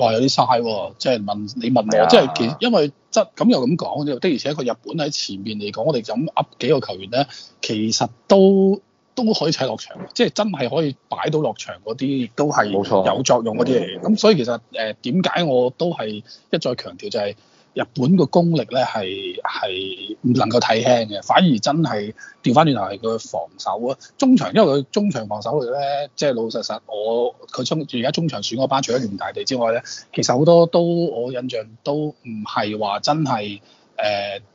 Speaker 1: 話有啲嘥喎，即係問你問我，哎、呀 即係其因為質咁又咁講，的而且佢日本喺前面嚟講，我哋就咁噏幾個球員咧，其實都都可以踩落場，即係真係可以擺到落場嗰啲，亦都係冇錯有作用嗰啲嚟。咁錯所以其實誒點解我都係一再強調就係、是。日本個功力咧，係係唔能夠睇輕嘅，反而真係調返轉頭係佢防守啊！中場，因為佢中場防守嚟咧，即係老老實實，我佢中而家中場選嗰班除咗聯大地之外咧，其實好多都我印象都唔係話真係誒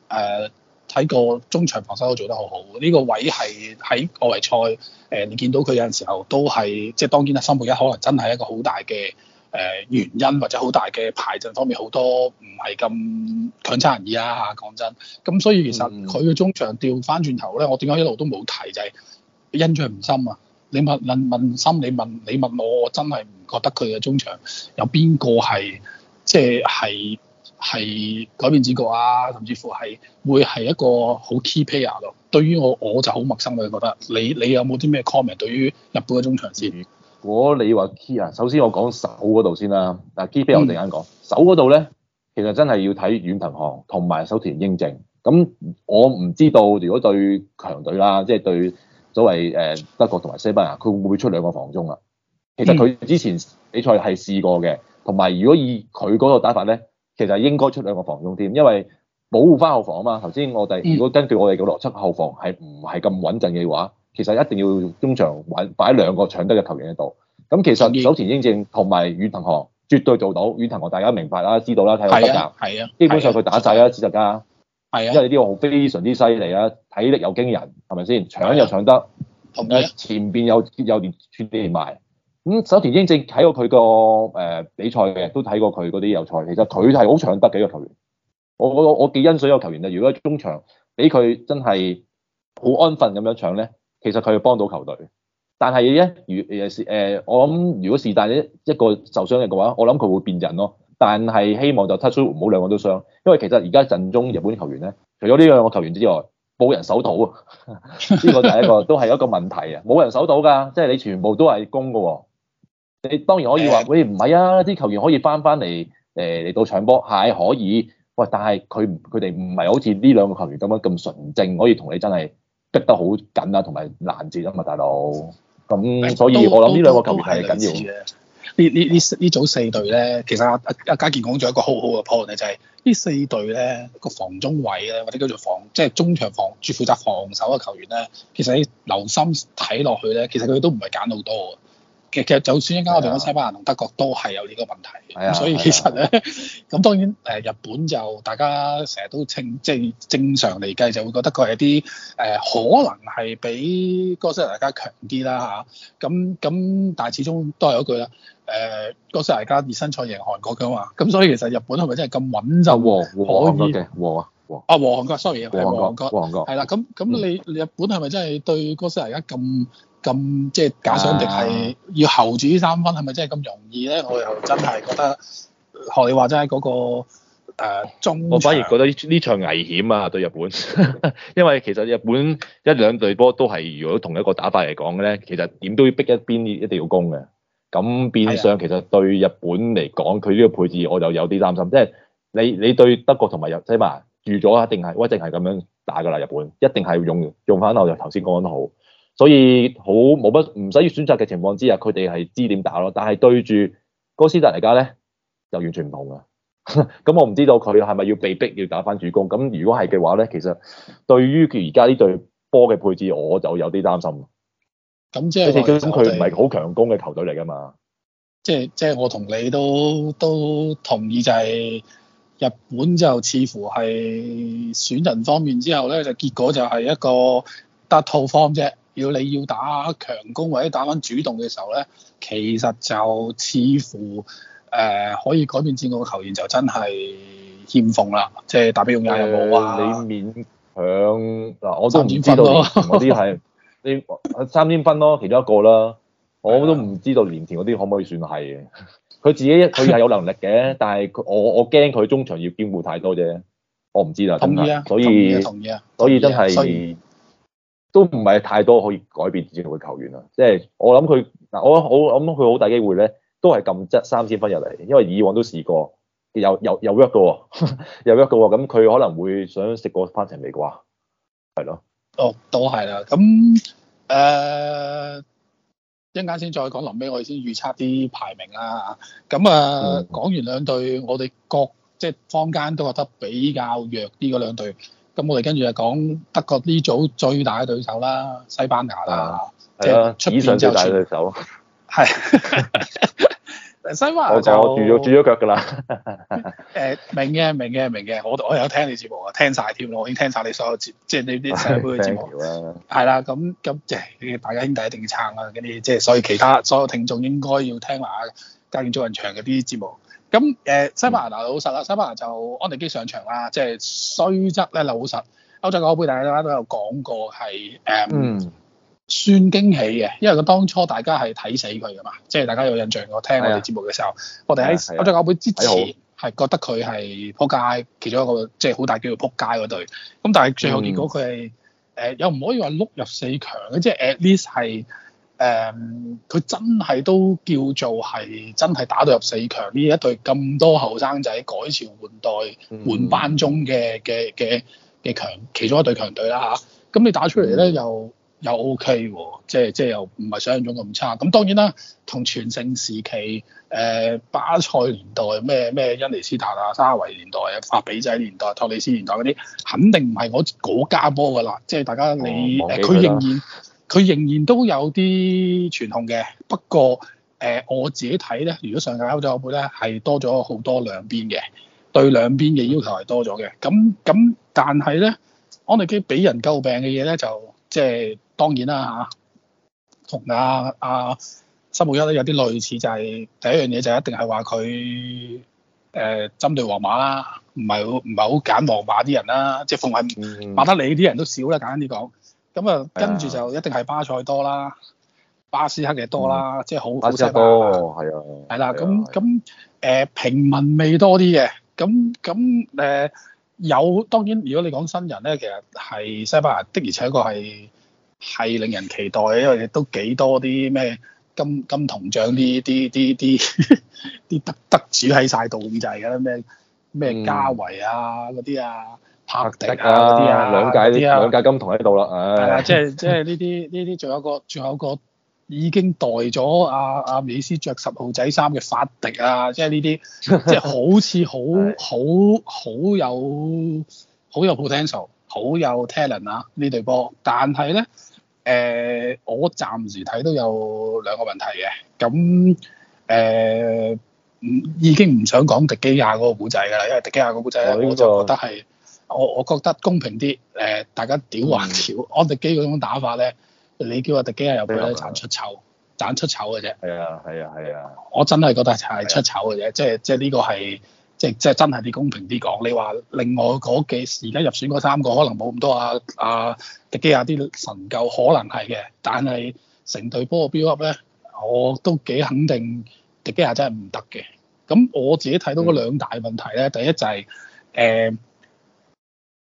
Speaker 1: 誒睇個中場防守都做得好好。呢個位係喺外圍賽誒、呃，你見到佢有陣時候都係即係當然啦，三倍一可能真係一個好大嘅。誒、呃、原因或者好大嘅排陣方面好多唔係咁強差人意啊嚇，講真。咁所以其實佢嘅中場調翻轉頭咧，我點解一路都冇提就係、是、印象唔深啊？你問問問深，你問你問我，我真係唔覺得佢嘅中場有邊個係即係係係改變主角啊？甚至乎係會係一個好 key player 咯。對於我我就好陌生咯，你覺得你
Speaker 2: 你有冇啲咩 comment 對於日本嘅中場先？嗯如果你話 key 啊，首先我講手嗰度先啦。嗱，key 俾我突然間講，嗯、手嗰度咧，其實真係要睇遠藤航同埋守田英正。咁我唔知道，如果對強隊啦，即、就、係、是、對所謂誒德國同埋西班牙，佢會唔會出兩個防中啊？其實佢之前比賽係試過嘅。同埋如果以佢嗰個打法咧，其實應該出兩個防中添、啊，因為保護翻後防啊嘛。頭先我哋如果根據我哋嘅邏輯，後防係唔係咁穩陣嘅話？其實一定要中場揾擺兩個搶得嘅球員喺度。咁其實守田英正遠同埋遠藤航絕對做到。遠藤航大家明白啦，知道啦，睇過格格，啊，啊
Speaker 3: 啊基本上佢
Speaker 2: 打晒啦，資質加，係啊，啊因為呢個非常之犀利啊，體力又驚人，係咪先搶又搶得，同埋、啊、前邊又又連串啲連埋。咁守田英正睇過佢個誒比賽嘅，都睇過佢嗰啲友賽。其實佢係好搶得嘅一、這個球員。我我我幾欣賞個球員啊！如果中場俾佢真係好安分咁樣搶咧～其實佢要幫到球隊，但係咧，如誒、呃，我諗如果是但一一個受傷嘅話，我諗佢會變人咯、哦。但係希望就 touch wood 唔好兩個都傷，因為其實而家陣中日本球員咧，除咗呢兩個球員之外，冇人守到啊！呢 個就係一個都係一個問題啊，冇人守到噶，即係你全部都係攻噶、哦。你當然可以話，喂唔係啊，啲球員可以翻翻嚟、誒嚟到搶波，係、哎、可以喂，但係佢佢哋唔係好似呢兩個球員咁樣咁純正，可以同你真係。逼得好緊啊，同埋攔截啊嘛，大佬。咁、嗯、所以都我諗呢兩個球員係緊要。呢呢呢呢
Speaker 1: 組四隊咧，其實阿阿家健講咗一個好好嘅 point 咧，就係呢四隊咧個防中位咧，或者叫做防即係中場防主負責防守嘅球員咧，其實你留心睇落去咧，其實佢都唔係揀好多。 其實就算一間我哋講西班牙同德國都係有呢個問題，咁、 哎、所以其實咧，咁當然誒日本就大家成日都稱，即係正常嚟計就會覺得佢係啲誒可能係比哥斯達黎加強啲啦嚇，咁、啊、咁但係始終都係嗰句啦，誒、呃、哥斯達黎加熱身賽贏韓國嘅嘛，咁所以其實日本係咪真係咁穩陣、啊、和和韓嘅和，和 啊和韓國，sorry 係和韓國，和韓國係啦，咁咁你日本係咪真係對哥斯達黎加咁？咁即係假想敵係要候住呢三分，係咪真係咁容易咧？我又真係覺得學你話齋嗰個、呃、中，我反而覺得
Speaker 2: 呢呢場危險啊！對日本， 因為其實日本一兩隊波都係如果同一個打法嚟講嘅咧，其實點都要逼一邊一定要攻嘅。咁變相其實對日本嚟講，佢呢是的 個配置我就有啲擔心。即係是的 你你對德國同埋日，即係嘛預咗一定係，我淨係咁樣打㗎啦。日本一定係用用翻我就頭先講得好。所以好冇乜唔使要選擇嘅情況之下，佢哋係知點打咯。但係對住哥斯達黎加咧，就完全唔同啊！咁、 嗯、我唔知道佢係咪要被逼要打返主攻？咁如果係嘅話咧，其實對於佢而家呢隊波嘅配置，我就有啲擔心。
Speaker 1: 咁即係佢唔係
Speaker 2: 好強攻嘅球隊嚟㗎嘛？
Speaker 1: 即係即係我同你都都同意就係、是、日本就似乎係選人方面之後咧，就結果就係一個突套方啫。要你要打強攻或者打翻主動嘅時候咧，其實就似乎誒、呃、可以改變戰況嘅球員就真係欠奉啦，即係打比亞有冇啊、呃？你
Speaker 2: 勉強嗱，我都唔知道啲，嗰啲係你三千分咯， 其中一個啦，我都唔知道年前嗰啲可唔可以算係佢自己佢係有能力嘅，但係我我驚佢中場要兼顧太多啫，我唔知啦，同意啊、所以所以真係。所以 都唔係太多可以改變自己同嘅球員啦，即係我諗佢嗱，我我諗佢好大機會咧，都係撳質三千分入嚟，因為以往都試過有又又弱嘅有又弱嘅喎，咁佢、哦哦、可能會想食個翻情味啩，係咯？
Speaker 1: 哦，都係啦，咁誒一陣間先再講臨尾，我哋先預測啲排名啦、啊，咁啊講完兩隊，嗯、我哋各即係坊間都覺得比較弱啲嗰、這個、兩隊。咁我哋跟住就講德國呢組最大嘅對手啦，西班牙啦，啊、
Speaker 2: 即係出線上最大嘅對手。
Speaker 1: 係， 西班牙就我，我住咗轉咗腳㗎啦。誒、 呃，明嘅，明嘅，明嘅，我我有聽你節目啊，聽晒添，我已經聽晒你所有節，
Speaker 2: 即係你啲成日嘅節目。
Speaker 1: 係啦， 咁咁即係大家兄弟一定要撐啊！啲即係所以其他所有聽眾應該要聽埋啊家健人球場嗰啲節目。咁誒，西班牙老實啦，西班牙就安尼基上場啦，即係雖則咧老實，歐洲盃大家都有講過係誒，嗯、算驚喜嘅，因為佢當初大家係睇死佢㗎嘛，即係大家有印象，我聽我哋節目嘅時候，的我哋喺歐洲盃之前係覺得佢係撲街其中一個，即係好大機會撲街嗰隊，咁但係最後結果佢係誒又唔可以話碌入四強嘅，即係 at least 係。誒，佢、嗯、真係都叫做係真係打到入四強呢一隊，咁多後生仔，改朝換代換班中嘅嘅嘅嘅強其中一隊強隊啦嚇，咁、嗯、你打出嚟咧又又 OK 喎，即係即係又唔係想象中咁差。咁當然啦，同全盛時期誒、呃、巴塞年代咩咩因尼斯塔啊、沙維年代啊、法比仔年代、托尼斯年代嗰啲，肯定唔係我嗰家波㗎啦，即係大家你佢、哦、仍然。佢仍然都有啲傳統嘅，不過誒、呃、我自己睇咧，如果上屆歐洲盃咧，係多咗好多兩邊嘅，對兩邊嘅要求係多咗嘅。咁咁，但係咧，安歷基俾人詬病嘅嘢咧，就即係當然啦嚇，同啊，啊，三、啊、保一咧有啲類似，就係、是、第一樣嘢就一定係話佢誒針對皇馬啦，唔係唔係好揀皇馬啲人啦，即係凡係馬德里啲人都少啦，簡單啲講。咁啊，跟住、嗯、就一定係巴塞多啦，巴斯克嘅多啦，嗯、即係好好食啦。啊，係啦、啊，咁咁誒平民味多啲嘅，咁咁誒有當然，如果你講新人咧，其實係西班牙的，而且確係係令人期待，因為都幾多啲咩金金銅獎啲啲啲啲啲得得主喺晒度咁滯㗎啦，咩咩加維啊嗰啲啊。帕迪啊，嗰啲架啊，兩屆兩屆
Speaker 2: 金童喺度啦，唉、 啊，即係即
Speaker 1: 係呢啲呢啲，仲、就是、有個仲有個已經代咗阿阿美斯着十號仔衫嘅法迪啊，即係呢啲即係好似 好好好有好有 potential，好有 talent 啊呢隊波，但係咧誒，我暫時睇都有兩個問題嘅咁，誒，唔、呃、已經唔想講迪基亞嗰個故仔㗎啦，因為迪基亞嗰古仔我就覺得係。我我覺得公平啲，誒，大家屌還屌，安迪基嗰種打法咧，你叫阿迪基亞入去咧，賺出醜，賺出醜嘅啫。係啊，係啊，係啊。我真係覺得係出醜嘅啫，即係即係呢個係，即係即係真係啲公平啲講。你話另外嗰幾時，而家入選嗰三個可能冇咁多啊，啊，迪基亞啲神夠可能係嘅，但係成隊波嘅標 u p 咧，我都幾肯定迪基亞真係唔得嘅。咁我自己睇到嗰兩大問題咧，嗯、第一就係、是、誒。嗯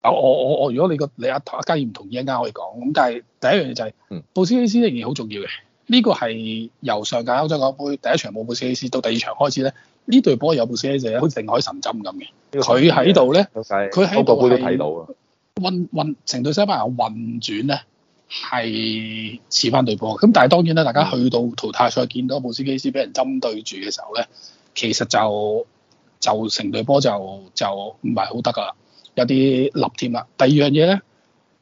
Speaker 1: 我我我我，如果你一個你阿阿家健唔同意，一陣可以講。咁但係第一樣嘢就係，嗯，布斯基斯仍然好重要嘅。呢、這個係由上屆歐洲杯第一場冇布斯基斯，到第二場開始咧，呢隊波有布斯基斯咧，好似定海神針咁嘅。佢喺度咧，佢喺，度，波都睇到啊。運運成隊西班牙運轉咧，係似翻隊波。咁但係當然咧，大家去到淘汰賽見到布斯基斯俾人針對住嘅時候咧，其實就就成隊波就就唔係好得噶啦。有啲立添啦。第二樣嘢咧，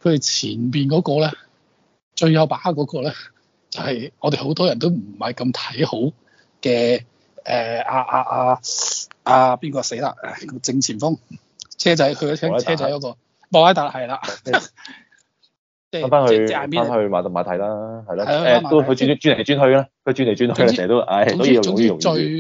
Speaker 1: 佢哋前邊嗰個咧，最有把握嗰個咧，就係、是、我哋好多人都唔係咁睇好嘅。誒阿阿阿阿邊個死啦？正前鋒車仔，去一車仔嗰、那個莫埃達係啦，
Speaker 2: 即係翻翻去翻翻 去馬特馬泰啦，係啦，誒都佢轉轉嚟轉去啦，佢轉嚟轉去成日都誒，所以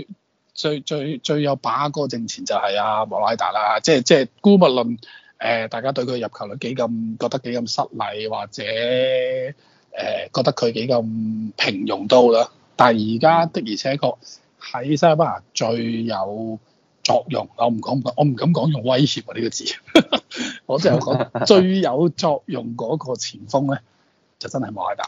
Speaker 2: 就
Speaker 1: 最最最有把嗰個正前就係阿莫拉達啦，即係即係，姑勿論誒、呃，大家對佢入球率幾咁覺得幾咁失禮，或者誒、呃、覺得佢幾咁平庸都啦。但係而家的而且確喺西班牙最有作用，我唔講唔，我唔敢講用威脅呢、啊這個字， 我真係講最有作用嗰個前鋒咧，就真係莫拉達。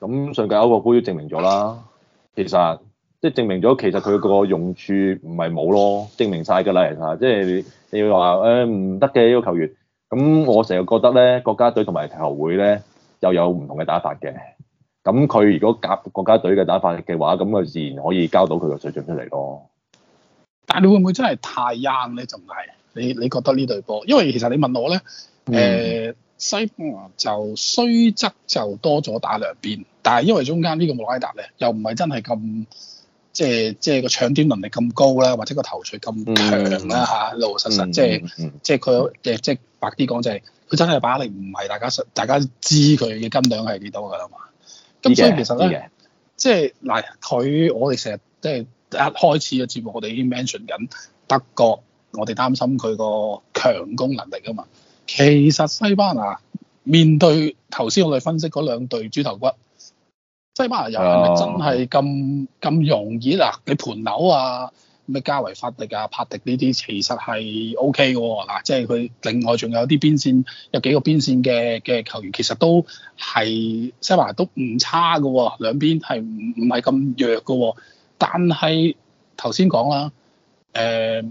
Speaker 1: 咁
Speaker 2: 上屆歐國杯都證明咗啦， 其實。即係證明咗，其實佢個用處唔係冇咯，證明晒㗎啦。其實即係你話誒唔得嘅呢個球員，咁我成日覺得咧，國家隊同埋球會咧又有唔同嘅打法嘅。咁佢如果夾國家隊嘅打法嘅話，咁佢自然可以交到佢個水準出嚟咯。
Speaker 1: 但係你會唔會真係太硬咧？就唔係。你你覺得呢隊波？因為其實你問我咧，誒、嗯呃、西班牙就雖則就多咗打兩邊，但係因為中間呢個穆拉達咧又唔係真係咁。即係即係個搶斷能力咁高啦，或者個頭槌咁強啦嚇，老、嗯、老實實。即係即係佢誒，即係白啲講就係佢真係把力唔係，大家大家知佢嘅斤兩係幾多噶啦嘛。咁所以其實咧、嗯嗯，即係嗱，佢我哋成日即係一開始嘅節目，我哋已經 mention 緊，德國，我哋擔心佢個強攻能力啊嘛。其實西班牙面對頭先我哋分析嗰兩隊豬頭骨。西班牙又係咪真係咁咁容易嗱、啊？你盤球啊，咩加維法迪啊、帕迪呢啲其實係 O K 嘅嗱，即係佢另外仲有啲邊線，有幾個邊線嘅嘅球員，其實都係西班牙都唔差嘅、哦，兩邊係唔唔係咁弱嘅、哦。但係頭先講啦，誒、呃，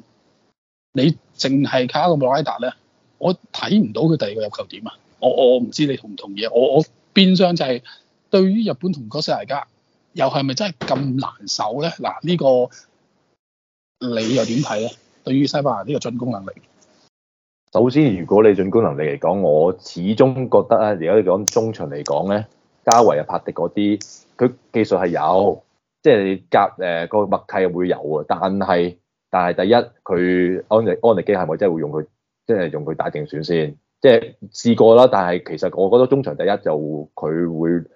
Speaker 1: 你淨係卡一個莫拉塔咧，我睇唔到佢第二個入球點啊！我我唔知你同唔同意，我我邊廂就係、是。對於日本同哥斯達黎加又係咪真係咁難守咧？嗱，呢、呢個你又點睇咧？對於西班牙呢個進攻能力，
Speaker 2: 首先如果你進攻能力嚟講，我始終覺得咧，如果你講中場嚟講咧，加維啊、帕迪嗰啲，佢技術係有，即係夾誒個默契係會有啊。但係但係第一，佢安尼安利基係咪真係會用佢，即、就、係、是、用佢打定選先？即、就、係、是、試過啦，但係其實我覺得中場第一就佢會。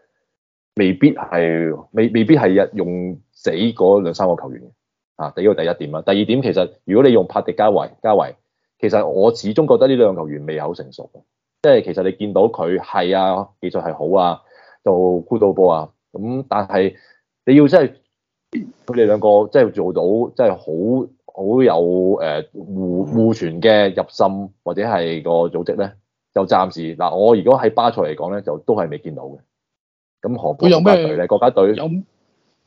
Speaker 2: 未必係，未未必係日用死嗰兩三個球員啊！第一個第一點啦，第二點其實如果你用帕迪加維加維，其實我始終覺得呢兩個球員未好成熟嘅，即係其實你見到佢係啊技術係好啊，做酷到波啊，咁、嗯、但係你要真係佢哋兩個即係做到即係好好有誒、呃、互互，互傳嘅入心或者係個組織咧，就暫時嗱、啊、我如果喺巴塞嚟講咧，就都係未見到嘅。咁河故有咩隊咧？國家隊有家
Speaker 1: 隊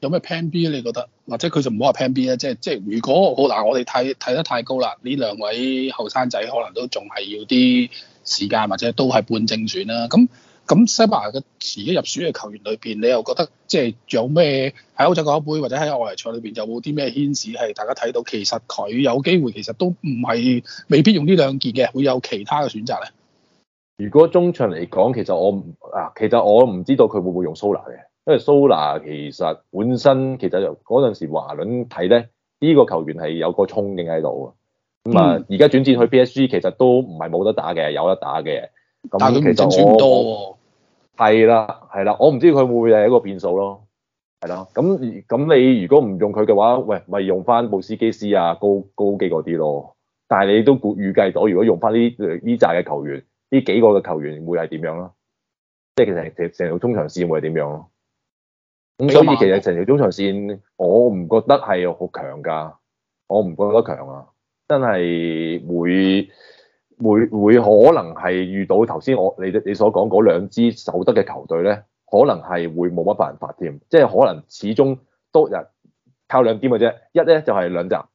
Speaker 1: 有咩 plan B？你覺得或者佢就唔好話 plan B 咧，即係即係如果好，嗱、啊、我哋睇睇得太高啦，呢兩位後生仔可能都仲係要啲時間，或者都係半正選啦、啊。咁咁西班牙嘅遲啲入選嘅球員裏邊，你又覺得即係有咩喺歐洲國家杯或者喺外圍賽裏邊有冇啲咩牽使？係大家睇到，其實佢有機會其實都唔係未必用呢兩件嘅，會有其他嘅選擇
Speaker 2: 咧。如果中場嚟講，其實我嗱、啊，其實我唔知道佢會唔會用蘇拿嘅，因為蘇拿其實本身其實由嗰陣時華倫睇咧呢、這個球員係有個衝勁喺度啊。咁啊、嗯，而家轉戰去 PSG 其實都唔係冇得打嘅，有得打嘅。咁其咁算轉多係啦係啦，我唔知佢會唔會係一個變數咯。係啦，咁咁你如果唔用佢嘅話，喂，咪用翻布斯基斯啊，高高基嗰啲咯。但係你都估預計到，如果用翻呢呢紮嘅球員。呢幾個嘅球員會係點樣咯？即係其實成成條中場線會係點樣咯？咁所以其實成條中場線我，我唔覺得係好強噶，我唔覺得強啊！真係會會會可能係遇到頭先我你你所講嗰兩支守得嘅球隊咧，可能係會冇乜辦法添，即係可能始終都靠兩點嘅啫。一咧就係兩閘，二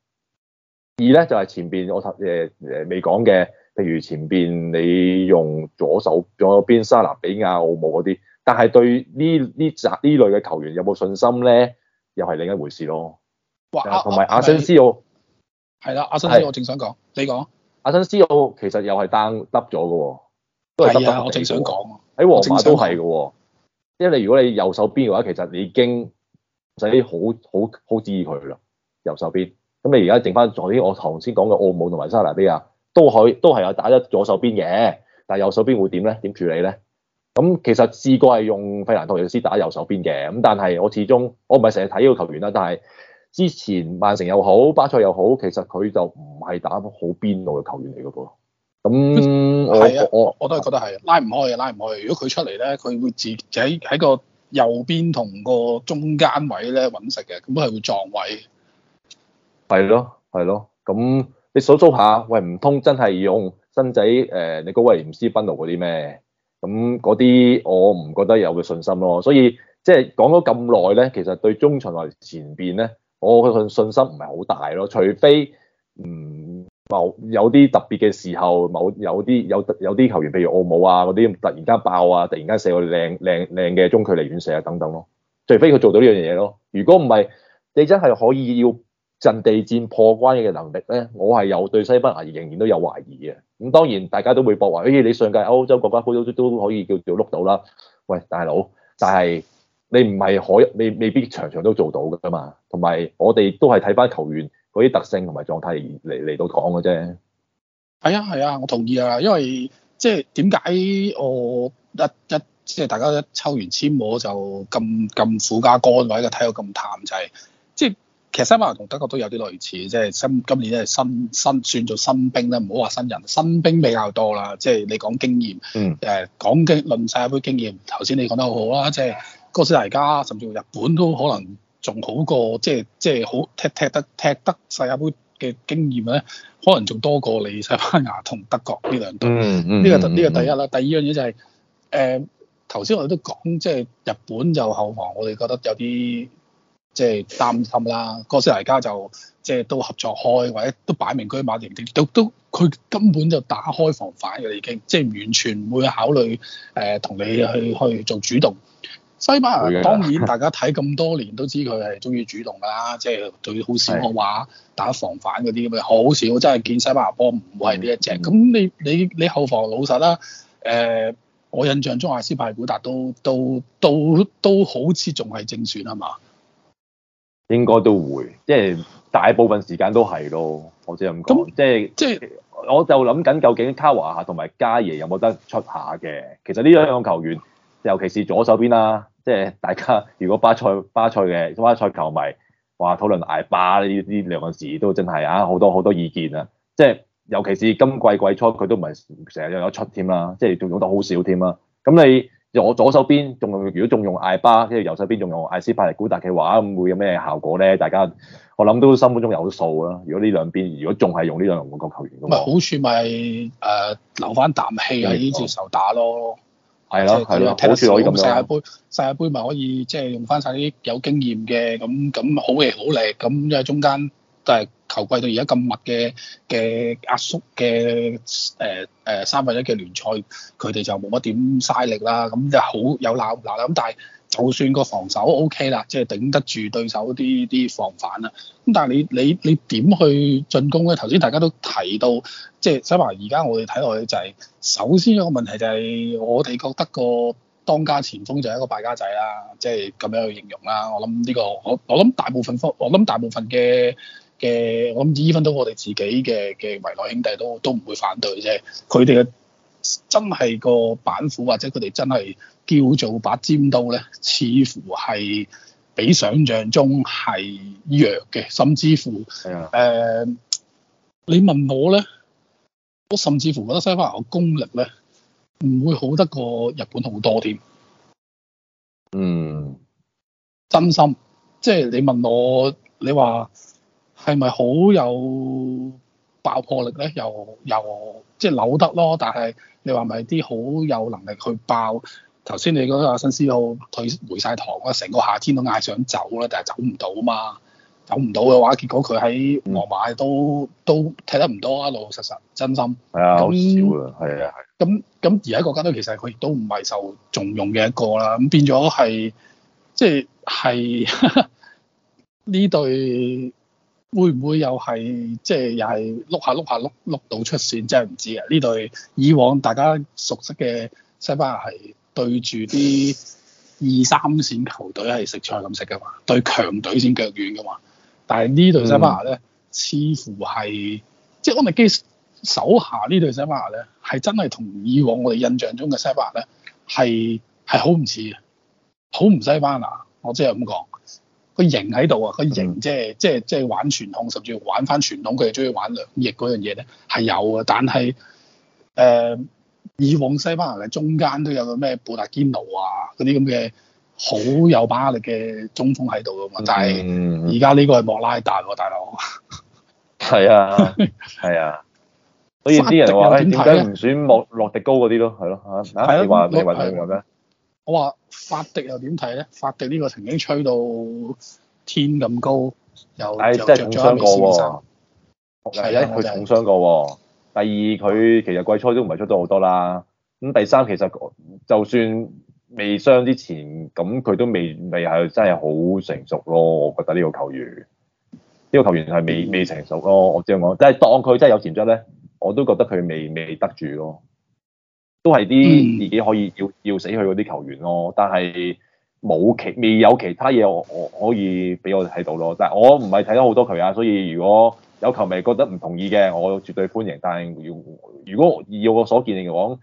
Speaker 2: 咧就係前邊我頭誒未講嘅。譬如前邊你用左手左手邊沙拿比亞奧姆嗰啲，但係對呢呢集呢類嘅球員有冇信心咧？又係另一回事咯。哇，同埋阿新斯奧，係啦，阿新斯奧我正想講，你講、啊。阿新斯奧其實又係單得咗嘅，都係得得。我正想講。喺皇馬都係嘅，因為如果你右手邊嘅話，其實你已經唔使好好好注意佢啦。右手邊，咁你而家剩翻左啲我頭先講嘅奧姆同埋沙拿比亞。都可以，都係有打喺左手邊嘅，但係右手邊會點咧？點處理咧？咁、嗯、其實試過係用費蘭托爾斯打右手邊嘅，咁但係我始終我唔係成日睇呢個球員啦，但係之前曼城又好，巴塞又好，其實佢就唔係打好邊路嘅球員嚟嘅噃。咁、嗯
Speaker 1: 啊、我我我都係覺得係拉唔開啊，拉唔開，拉唔開。如果佢出嚟咧，佢會自己喺喺個右邊同個中間位咧揾食嘅，咁都係會撞位。
Speaker 2: 係咯，係咯，咁。你數數下，喂，唔通真係用新仔？誒、呃，你高位唔施奔路嗰啲咩？咁嗰啲我唔覺得有嘅信心咯。所以即係、就是、講咗咁耐咧，其實對中場內前邊咧，我嘅信心唔係好大咯。除非唔某、嗯、有啲特別嘅時候，某有啲有有啲球員，譬如澳武啊嗰啲，突然間爆啊，突然間射個靚靚靚嘅中距離遠射啊等等咯。除非佢做到呢樣嘢咯。如果唔係，你真係可以要。陣地戰破關嘅能力咧，我係有對西班牙仍然都有懷疑嘅。咁、嗯、當然大家都會博話，咦、哎？你上屆歐洲國家杯都都可以叫做碌到啦，喂大佬！但係你唔係可，你未必場場都做到噶嘛。同埋我哋都係睇翻球員嗰啲特性同埋狀態嚟嚟到講嘅啫。
Speaker 1: 係啊係啊，我同意啊，因為即係點解我一一即係大家一抽完簽我就咁咁苦加乾位，依睇到咁淡就係、是、即係。其實西班牙同德國都有啲類似，即係今今年咧新新算做新兵咧，唔好話新人，新兵比較多啦。即係你講經驗，嗯，誒講經論世界盃經驗，頭先你講得好好啦。即係哥斯達黎加甚至乎日本都可能仲好過，即係即係好踢踢得踢得世界盃嘅經驗咧，可能仲多過你西班牙同德國呢
Speaker 3: 兩隊。呢、嗯嗯嗯呢個呢、呢個
Speaker 1: 第一啦。第二樣嘢就係誒頭先我哋都講，即係日本就後防，我哋覺得有啲。即係擔心啦，哥斯達尼加就即係、就是、都合作開，或者都擺明車馬定定都都佢根本就打開防範嘅已經即係、就是、完全唔會考慮誒，同、呃、你去去做主動。西班牙的當然大家睇咁多年都知佢係中意主動㗎啦，即、就、係、是、對好少嘅話的打防範嗰啲咁嘅，好少真係見西班牙波唔會係呢一隻。咁、嗯、你你你後防老實啦，誒、呃，我印象中阿斯派古達都都都都，都，都，都好似仲係正選吖嘛？
Speaker 2: 應該都會，即係大部分時間都係咯。我只係咁講，那即係是即係，我就諗緊究竟卡華夏同埋加耶有冇得出下嘅？其實呢兩球員，尤其是左手邊啦，即係大家如果巴塞巴塞嘅巴塞球迷話討論艾巴呢呢兩件事都真係啊，好多好多意見啊！即係尤其是今季季初佢都唔係成日有得出添啦，即係仲用得好少添啦。咁你？我左手邊仲用，如果仲用艾巴，跟住右手邊仲用艾斯巴尼古達嘅話，咁會有咩效果咧？大家我諗都心目中有數啦。如果呢兩邊如果仲係用呢兩名國球員嘅，咪
Speaker 1: 好處咪誒留翻啖氣嚟接受打咯。
Speaker 2: 係咯係咯，好、啊、處可以咁樣。世界
Speaker 1: 盃世界盃咪可以即係用翻晒啲有經驗嘅，咁咁好力好力，咁因為中間都係。球季到而家咁密嘅嘅壓縮嘅誒誒三分一嘅聯賽，佢哋就冇乜點嘥力啦，咁就好有鬧鬧啦，咁但係就算個防守 O K 啦，即係頂得住對手啲啲防反啦。咁但係你你你點去進攻咧？頭先大家都提到，即係洗話，而家我哋睇落去就係首先一個問題就係我哋覺得個當家前鋒就係一個敗家仔啦，即係咁樣去形容啦。我諗呢個我我諗大部分科，我諗大部分嘅。嘅，我諗依番到我哋自己嘅嘅圍內兄弟都都唔會反對啫。佢哋嘅真係個板斧，或者佢哋真係叫做把尖刀咧，似乎係比想像中係弱嘅，甚至乎誒的、呃、你問我咧，我甚至乎覺得西班牙嘅功力咧，唔會好得過日本好多添。嗯，真心即係你問我，你話。係咪好有爆破力咧？又又即係扭得咯。但係你話咪啲好有能力去爆？頭先你嗰個阿辛斯奧退回晒堂啦，成個夏天都嗌想走啦，但係走唔到啊嘛。走唔到嘅話，結果佢喺皇馬都、嗯、都，都踢得唔多啦。老老實實，真心係啊，咁少啦，係啊，係。咁咁而家國家隊其實佢亦都唔係受重用嘅一個啦。咁變咗係即係係呢隊。就是 會唔會又係即係又係碌下碌下碌碌到出線？真係唔知啊！呢隊以往大家熟悉嘅西班牙係對住啲二三線球隊係食菜咁食㗎嘛，對強隊先腳軟㗎嘛。但係呢隊西班牙咧，似乎係、嗯、即係安歷基手下呢隊西班牙咧，係真係同以往我哋印象中嘅西班牙咧，係係好唔似嘅，好唔西班牙。我即係咁講。佢型喺度啊，佢、那個、型即係即係即係玩傳統，甚至玩翻傳統，佢哋中意玩兩翼嗰樣嘢咧，係有啊，但係誒、呃，以往西班牙嘅中間都有個咩布達基奴啊，嗰啲咁嘅好有把握力嘅中鋒喺度噶嘛。嗯、但係而家呢個係莫拉達喎、啊，大佬。
Speaker 2: 係啊，係啊，所以啲 人話咧，點解唔選莫洛迪高嗰啲咯？係咯吓你話你話點
Speaker 1: 我話法迪又點睇咧？法迪呢個曾經吹到天咁高，又但又真係重傷過。
Speaker 2: 第一佢重傷過，第二佢其實季初都唔係出咗好多啦。咁第三其實就算未傷之前，咁佢都未未係真係好成熟咯。我覺得呢個球員，呢、這個球員係未、嗯、未成熟咯。我只係講，但係當佢真係有潛質咧，我都覺得佢未未得住咯。都係啲自己可以要要死去嗰啲球員咯，但係冇其未有其他嘢我我可以俾我哋睇到咯。但係我唔係睇得好多球啊，所以如果有球迷覺得唔同意嘅，我絕對歡迎。但係如如果要我所見嘅講，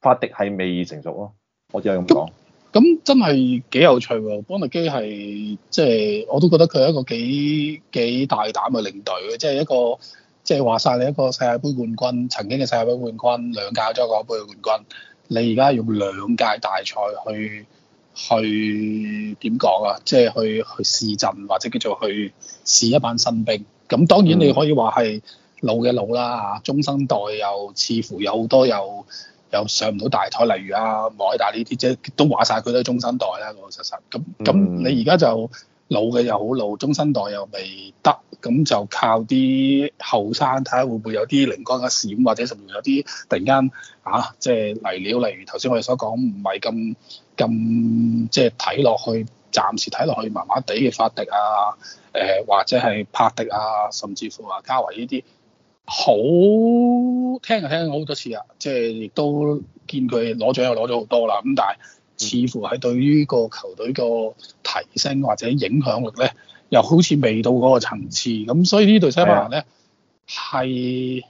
Speaker 2: 法迪係未成熟咯，我只係咁講。咁真係幾有趣喎！
Speaker 1: 邦尼基係即係我都覺得佢係一個幾幾大膽嘅領隊，即係一個。即係話晒你一個世界盃冠軍，曾經嘅世界盃冠軍，兩屆歐國杯嘅冠軍，你而家用兩屆大賽去去點講啊？即係去去試陣或者叫做去試一班新兵。咁當然你可以話係老嘅老啦，啊，中生代又似乎有好多又又上唔到大台，例如啊，莫大呢啲，即係都話晒佢都係中生代啦，老老實實。咁咁你而家就。老嘅又好老，中生代又未得，咁就靠啲後生睇下會唔會有啲靈光一閃，或者甚有啲突然間嚇，即係嚟料，例如頭先我哋所講唔係咁咁即係睇落去，暫時睇落去麻麻地嘅法迪啊，誒、呃、或者係帕迪啊，甚至乎啊，加維呢啲好聽就聽好多次啊，即係亦都見佢攞獎又攞咗好多啦。咁但係似乎係對於個球隊個提升或者影響力咧，又好似未到嗰個層次，咁所以呢對西班牙咧係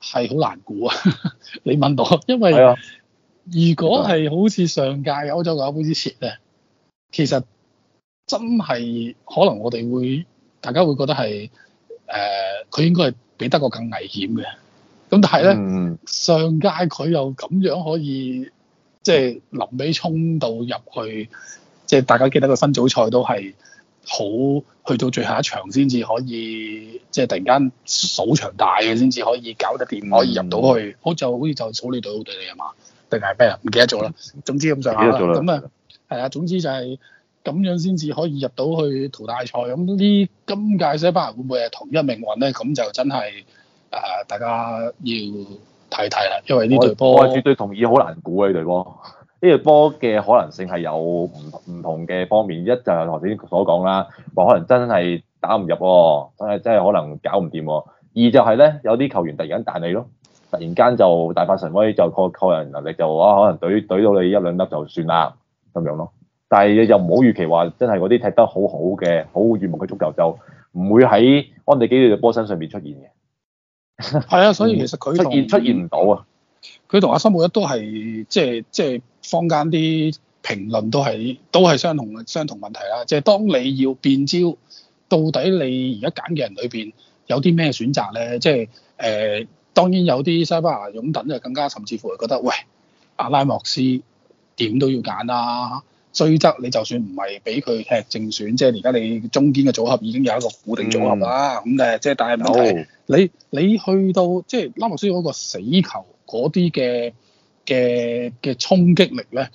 Speaker 1: 係好難估啊！ 你問我，因為是、啊、如果係好似上屆歐洲杯之前咧，其實真係可能我哋會大家會覺得係誒，佢、呃、應該係比德國更危險嘅。咁但係咧，嗯、上屆佢又咁樣可以即係臨尾衝到入去。即係大家記得個分組賽都係好去到最後一場先至可以，即係突然間數場大嘅先至可以搞得掂，可以入到去。好就好似就數你隊好隊你係嘛？定係咩啊？唔記得咗啦。總之咁上下啦。唔記得咗啦。咁啊，係啊。總之就係咁樣先至可以入到去淘汰賽。咁呢今屆西班牙會唔會係同一命運咧？咁就真係誒、呃，大家要睇睇啦。因為呢隊波，我係絕對同
Speaker 2: 意，好難估啊。呢隊波。呢個波嘅可能性係有唔唔同嘅方面，一就係頭先所講啦，話可能真係打唔入，真係真係可能搞唔掂；二就係咧，有啲球員突然間彈你咯，突然間就大發神威，就個個人能力就話可能隊隊到你一兩粒就算啦咁樣咯。但係又唔好預期話真係嗰啲踢得好好嘅好熱門嘅足球就唔會喺安地基呢嘅波身上面出現嘅。係啊，所以其實佢 出現出現唔到啊。佢同阿
Speaker 1: 森保一都係，即係即係。即係即係坊間啲評論都係都係相同相同問題啦，即係當你要變招，到底你而家揀嘅人裏邊有啲咩選擇咧？即係誒、呃，當然有啲西班牙擁躉就更加甚至乎係覺得，喂，阿拉莫斯點都要揀啦。雖則你就算唔係俾佢踢正選，即係而家你中間嘅組合已經有一個固定組合啦。咁誒、嗯，即係但係問題、哦、你你去到即係阿拉莫斯嗰個死球嗰啲嘅。嘅嘅衝擊力咧，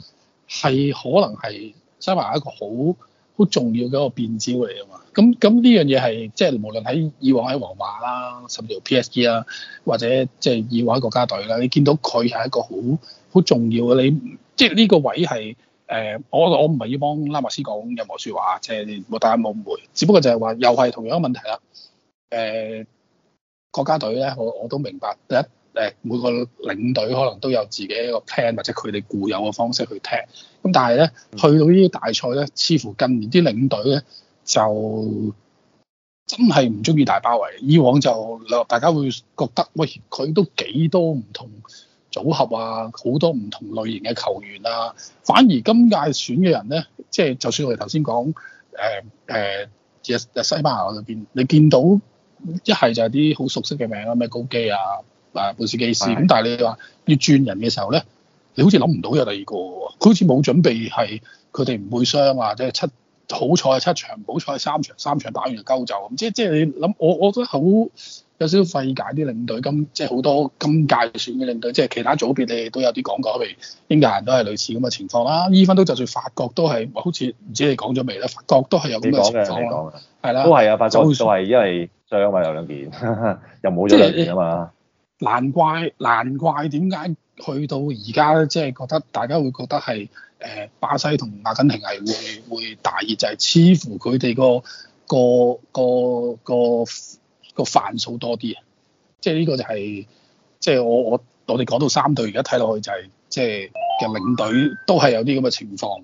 Speaker 1: 係可能係西班牙一個好好重要嘅一個變招嚟啊嘛！咁咁呢樣嘢係即係無論喺以往喺皇馬啦，甚至乎 P S G 啦，或者即係以往喺國家隊啦，你見到佢係一個好好重要嘅你，即係呢個位係誒、呃、我我唔係要幫拉莫斯講任何説話，即係但係冇誤會，只不過就係話又係同樣嘅個問題啦。誒、呃、國家隊咧，我我都明白第一。誒，每個領隊可能都有自己一個 plan，或者佢哋固有嘅方式去踢。咁但係咧，去到呢啲大賽咧，似乎近年啲領隊咧就真係唔中意大包圍。以往就大家會覺得喂，佢都幾多唔同組合啊，好多唔同類型嘅球員啊。反而今屆選嘅人咧，即係就算我哋頭先講誒誒，西班牙嗰邊，你見到是是一係就係啲好熟悉嘅名啊，咩高基啊？啊，布斯基斯咁，但係你話要轉人嘅時候咧，你好似諗唔到有第二個喎，佢好似冇準備。係佢哋唔會傷啊，即係七好彩七場，好彩三場，三場打完就鳩走咁，即係即係你諗，我我覺得好有少少費解啲領隊今，即係好多今屆選嘅領隊，即係其他組別你都有啲講過，譬如英格蘭都係類似咁嘅情況啦。伊芬都就算法國都係，好似唔知你講咗未咧？法國都係有咁嘅情況，係啦，都係啊，法國都係因
Speaker 2: 為傷啊嘛，又兩件又冇咗兩件啊嘛。
Speaker 1: 難怪難怪點解去到而家咧，即係覺得大家會覺得係誒，呃，巴西同阿根廷係會會大熱，就係似乎佢哋個個個個個犯數多啲啊！即係呢個就係即係我我我哋講到三隊，而家睇落去就係即係嘅領隊都係有啲咁嘅情況。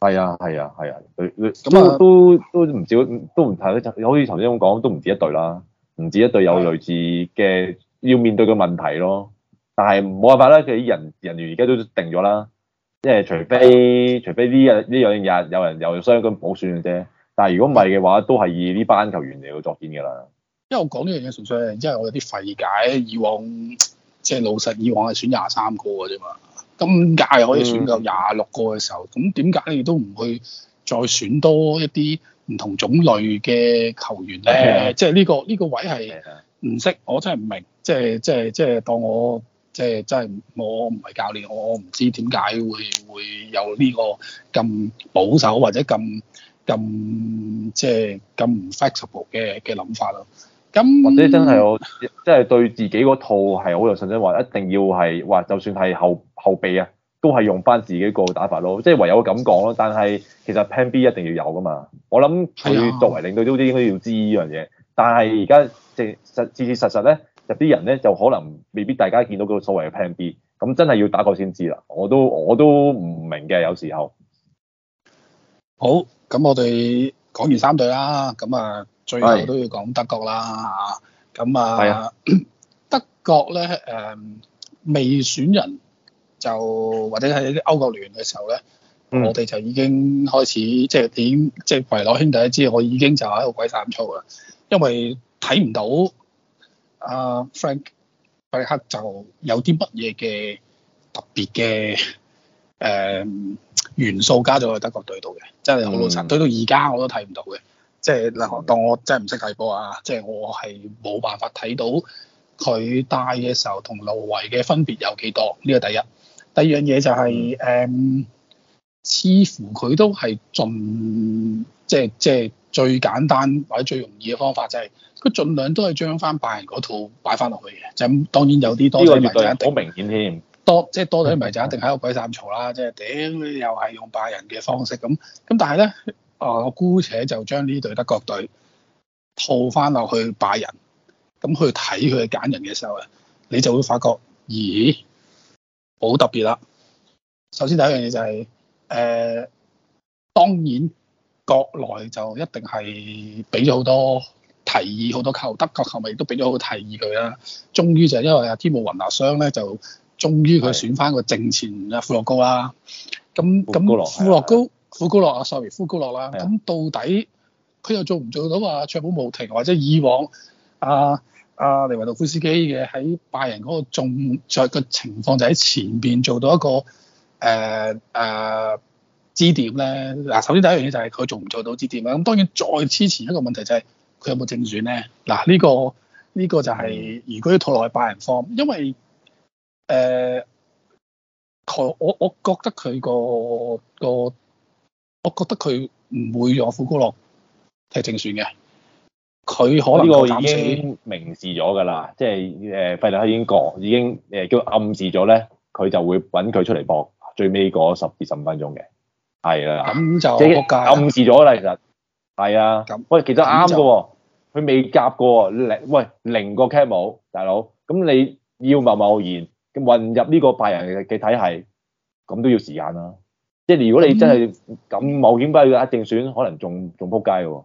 Speaker 2: 係啊係啊係啊，咁啊都都都唔少，都唔係好似頭先咁講，都唔止一隊啦。唔止一隊有類似嘅要面對嘅問題咯，但係冇辦法啦。佢啲人人員而家都定咗啦，即係除非除非呢日呢樣嘢有人又相咁好選嘅啫。但係如果唔係嘅話，都係以呢班球員嚟去作戰嘅啦。
Speaker 1: 因為我講呢樣嘢純粹係因為我有啲費解。以往
Speaker 2: 即係、
Speaker 1: 就是、老實，以往係選廿三個嘅啫嘛，今屆可以選夠廿六個嘅時候，咁點解你都唔去再選多一啲？唔同種類嘅球員咧的、呃，即係呢個呢個位係唔識，我真係唔明，即係即係即係當我即係真係我唔係教練，我唔知點解會會有呢個
Speaker 2: 咁保守或者咁
Speaker 1: 咁即係咁 flexible 嘅嘅諗法咯。咁或者真係我
Speaker 2: 即係對自己嗰套係好有信心，話一定要係話，就算係後後備啊。都係用翻自己個打法咯，即係唯有咁講咯。但係其實 Pan B 一定要有噶嘛，我諗佢作為領隊都都應該要知呢樣嘢。啊、但係而家即實切切實，實實咧，有啲人咧就可能未必大家見到個所謂嘅 Pan B。咁真係要打過先知啦。我都我都唔明嘅，有時候。好，咁我哋講完三隊啦，咁啊最
Speaker 3: 後都
Speaker 1: 要講德國啦，咁是啊，啊德國咧誒、呃、未選人。就或者喺啲歐國聯嘅時候咧，嗯、我哋就已經開始即係點，即係維諾兄弟都知我已經就喺度鬼散粗啦。因為睇唔到阿、啊、Frank 費克就有啲乜嘢嘅特別嘅誒、呃、元素加咗去德國隊度嘅，真係好老實。嗯、到到而家我都睇唔到嘅，即係嗱，嗯、當我真係唔識睇波啊！即、就、係、是、我係冇辦法睇到佢帶嘅時候同路維嘅分別有幾多？呢、這個第一。第二樣嘢就係、是、誒、嗯，似乎佢都係盡即係即係最簡單或者最容易嘅方法、就是，就係佢盡量都係將翻拜仁嗰套擺翻落去嘅。就是、當然有啲多呢個越對
Speaker 2: 好明顯添，
Speaker 1: 多即係、就是、多隊迷就一定喺個鬼三嘈啦。即係頂，又係用拜仁嘅方式咁咁。但係咧，啊，我姑且就將呢隊德國隊套翻落去拜仁咁去睇佢嘅揀人嘅時候啊，你就會發覺，咦？好特別啦！首先第一樣嘢就係、是、誒、呃，當然國內就一定係俾咗好多提議，好多球德國球迷亦都俾咗好多提議佢啦。終於就係因為阿天母雲達、啊、商咧，就終於佢選翻個正前啊富勒高啦。咁咁富勒高富高樂，sorry，富高樂啦。咁的到底佢又做唔做到話卓寶無停或者以往啊？阿、啊、利雲度夫斯基嘅喺拜仁嗰個重在嘅情況就喺前邊做到一個誒誒、呃呃、支點咧。嗱，首先第一樣嘢就係佢做唔做到支點啦。咁當然再之前一個問題就係佢有冇正選咧。嗱、啊，呢、這個呢、這個就係、是、如果要套落去拜仁方，因為誒佢、呃、我我覺得佢、那個個我覺得佢唔會用富高洛
Speaker 2: 係正選嘅。佢可能呢個已經明示咗㗎啦，即係誒費力克已經過，已經誒叫暗示咗咧，佢就會揾佢出嚟搏最尾嗰十至十五分鐘嘅，係啦，咁就即係暗示咗啦，其實係啊，喂，其實啱㗎喎，佢未夾過，零喂零個 cap 冇，大佬，咁你要貿貿然混入呢個拜仁嘅體系，咁都要時間啦，即係如果你真係咁冒險，不如一定選，可能仲仲撲街嘅喎。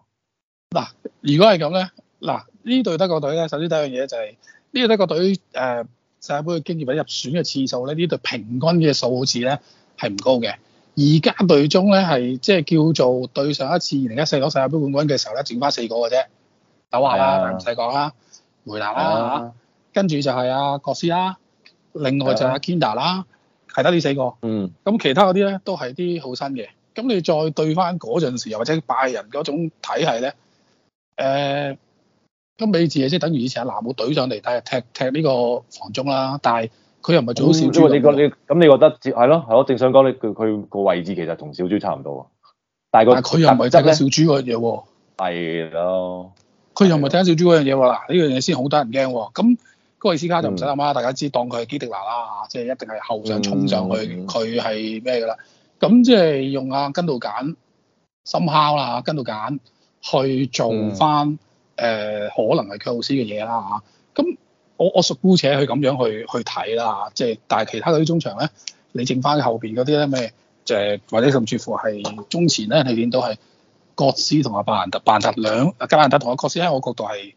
Speaker 2: 嗱，如果係咁
Speaker 1: 咧，嗱呢隊德國隊咧，首先第一樣嘢就係呢個德國隊誒世界盃嘅經驗入選嘅次數咧，呢隊平均嘅數字咧係唔高嘅。而家隊中咧係即係叫做對上一次二零一四攞世界杯冠軍嘅時候咧，剩翻四個嘅啫。抖下啦，唔使講啦，梅拿啦，是啊、跟住就係阿格斯啦，另外就阿堅達啦，係得呢四個。嗯。咁其他嗰啲咧都係啲好新嘅。咁你再對翻嗰陣時，又或者拜仁嗰種體系咧？誒，個位置即係等於以前阿、啊、藍帽懟上嚟，但係踢踢呢個防中啦。但係佢又唔係做好小豬。你覺你
Speaker 2: 咁你覺得係咯？係我正想講，你佢佢個位置其實同小豬差唔多。但係佢又唔係睇緊小豬嗰樣嘢。係咯的，
Speaker 1: 佢又唔係睇緊小豬嗰樣嘢喎嗱。呢樣嘢先好得人驚。咁個伊斯卡就唔使諗啦，大家知當佢係基迪拿啦，即係一定係後上衝上去，佢係咩噶啦？咁即係用阿跟度簡深敲啦，跟度簡。去做翻誒、呃、可能係佢老師嘅嘢啦嚇，咁、啊啊啊、我我屬姑且去咁樣去去睇啦即係，但係其他嗰啲中場咧，你剩翻後邊嗰啲咧咩？誒或者甚至乎係中前咧，你見到係郭師同阿伯仁特、伯仁達兩啊，伯仁達同阿郭師喺我角度係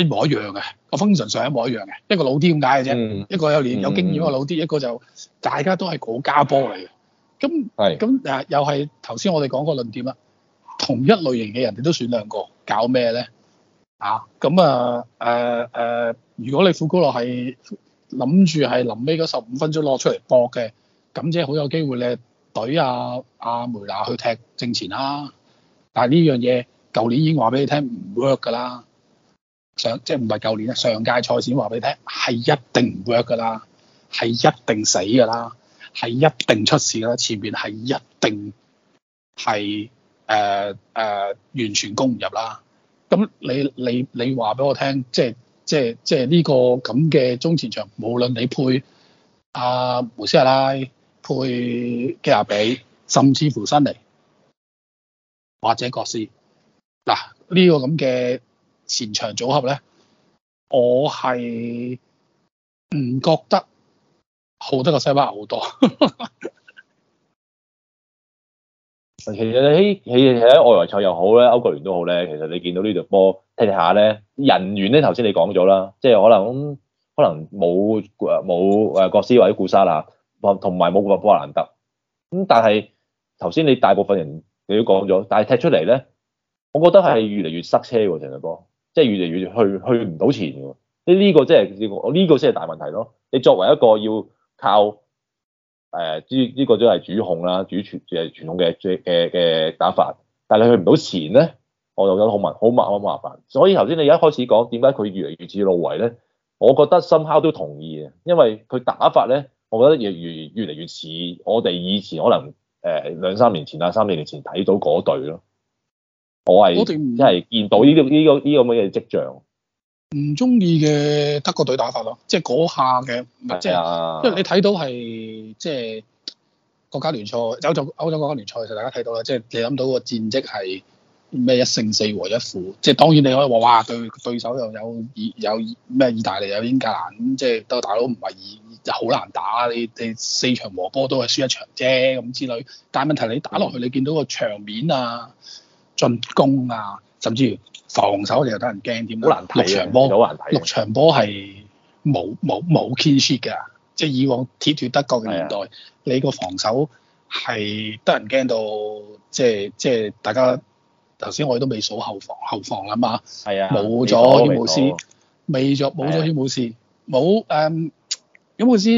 Speaker 1: 一模一樣嘅，個 function 上一模一樣嘅，一個老啲咁解嘅啫，嗯、一個有年有經驗嘅老啲，一個就大家都係國家波嚟嘅，咁係咁誒又係頭先我哋講個論點啦。同一類型嘅人哋都選兩個，搞咩咧？啊，咁啊，誒、呃、誒、呃，如果你富高樂係諗住係臨尾嗰十五分鐘攞出嚟博嘅，咁即係好有機會你隊啊，阿、啊、梅拿去踢正前啦、啊。但係呢樣嘢，舊年已經話俾你聽唔 work 㗎啦。上即係唔係舊年啊？上屆賽前話俾你聽係一定唔 work 㗎啦，係一定死㗎啦，係一定出事㗎啦。前面係一定係。誒誒，uh, uh, 完全攻唔入啦！咁你你你話俾我聽，即係即係即係呢個咁嘅中前場，無論你配阿，慕西亞拉，配基亞比，甚至乎新尼，或者國師，嗱呢個咁嘅前場組合咧，我係唔覺得好得過西班牙好多。
Speaker 2: 其實你喺喺喺外圍賽又好咧，歐國聯都好咧。其實你見到呢條波踢下咧，人員咧頭先你講咗啦，即係可能可能冇冇誒國師或者固沙啦，同埋冇個波蘭德。咁但係頭先你大部分人你都講咗，但係踢出嚟咧，我覺得係越嚟越塞車喎，成條波，即係越嚟越去去唔到前嘅喎。呢、呢、呢個即係呢個先係大問題咯。你作為一個要靠。誒，之呢、嗯這個都係主控啦，主傳誒傳統嘅最嘅打法，但係你去唔到前咧，我就覺得好麻好麻好麻煩。所以頭先你一開始講點解佢越嚟越似路維咧，我覺得 somehow 都同意嘅，因為佢打法咧，我覺得亦越越嚟越，越似我哋以前可能誒、呃、兩三年前啊，三四年前睇到嗰隊咯，我係、哦嗯、即係見到呢啲呢個呢個咁嘅跡象。
Speaker 1: 唔中意嘅德國隊打法咯，即係嗰下嘅是、
Speaker 2: 啊，即係，因為你
Speaker 1: 睇到係即係國家聯賽，歐洲歐洲國家聯賽，就大家睇到啦，即係你諗到個戰績係咩一勝四和一負，即係當然你可以話哇，對對手又有意有咩意大利有英格蘭，咁即係都大佬唔係就好難打，你你四場和波都係輸一場啫咁之類，但係問題你打落去，你見到個場面啊，進攻啊，甚至。防守就又得人驚點啊？六場波好難睇，六場波係冇冇冇 key shoot 嘅，即係以往鐵脫德國嘅年代，的你個防守係得人驚到，即係即係大家頭先我哋都未數後防後防啊嘛，係啊的，冇咗詹姆斯，未著冇咗詹姆斯，冇誒了，詹姆斯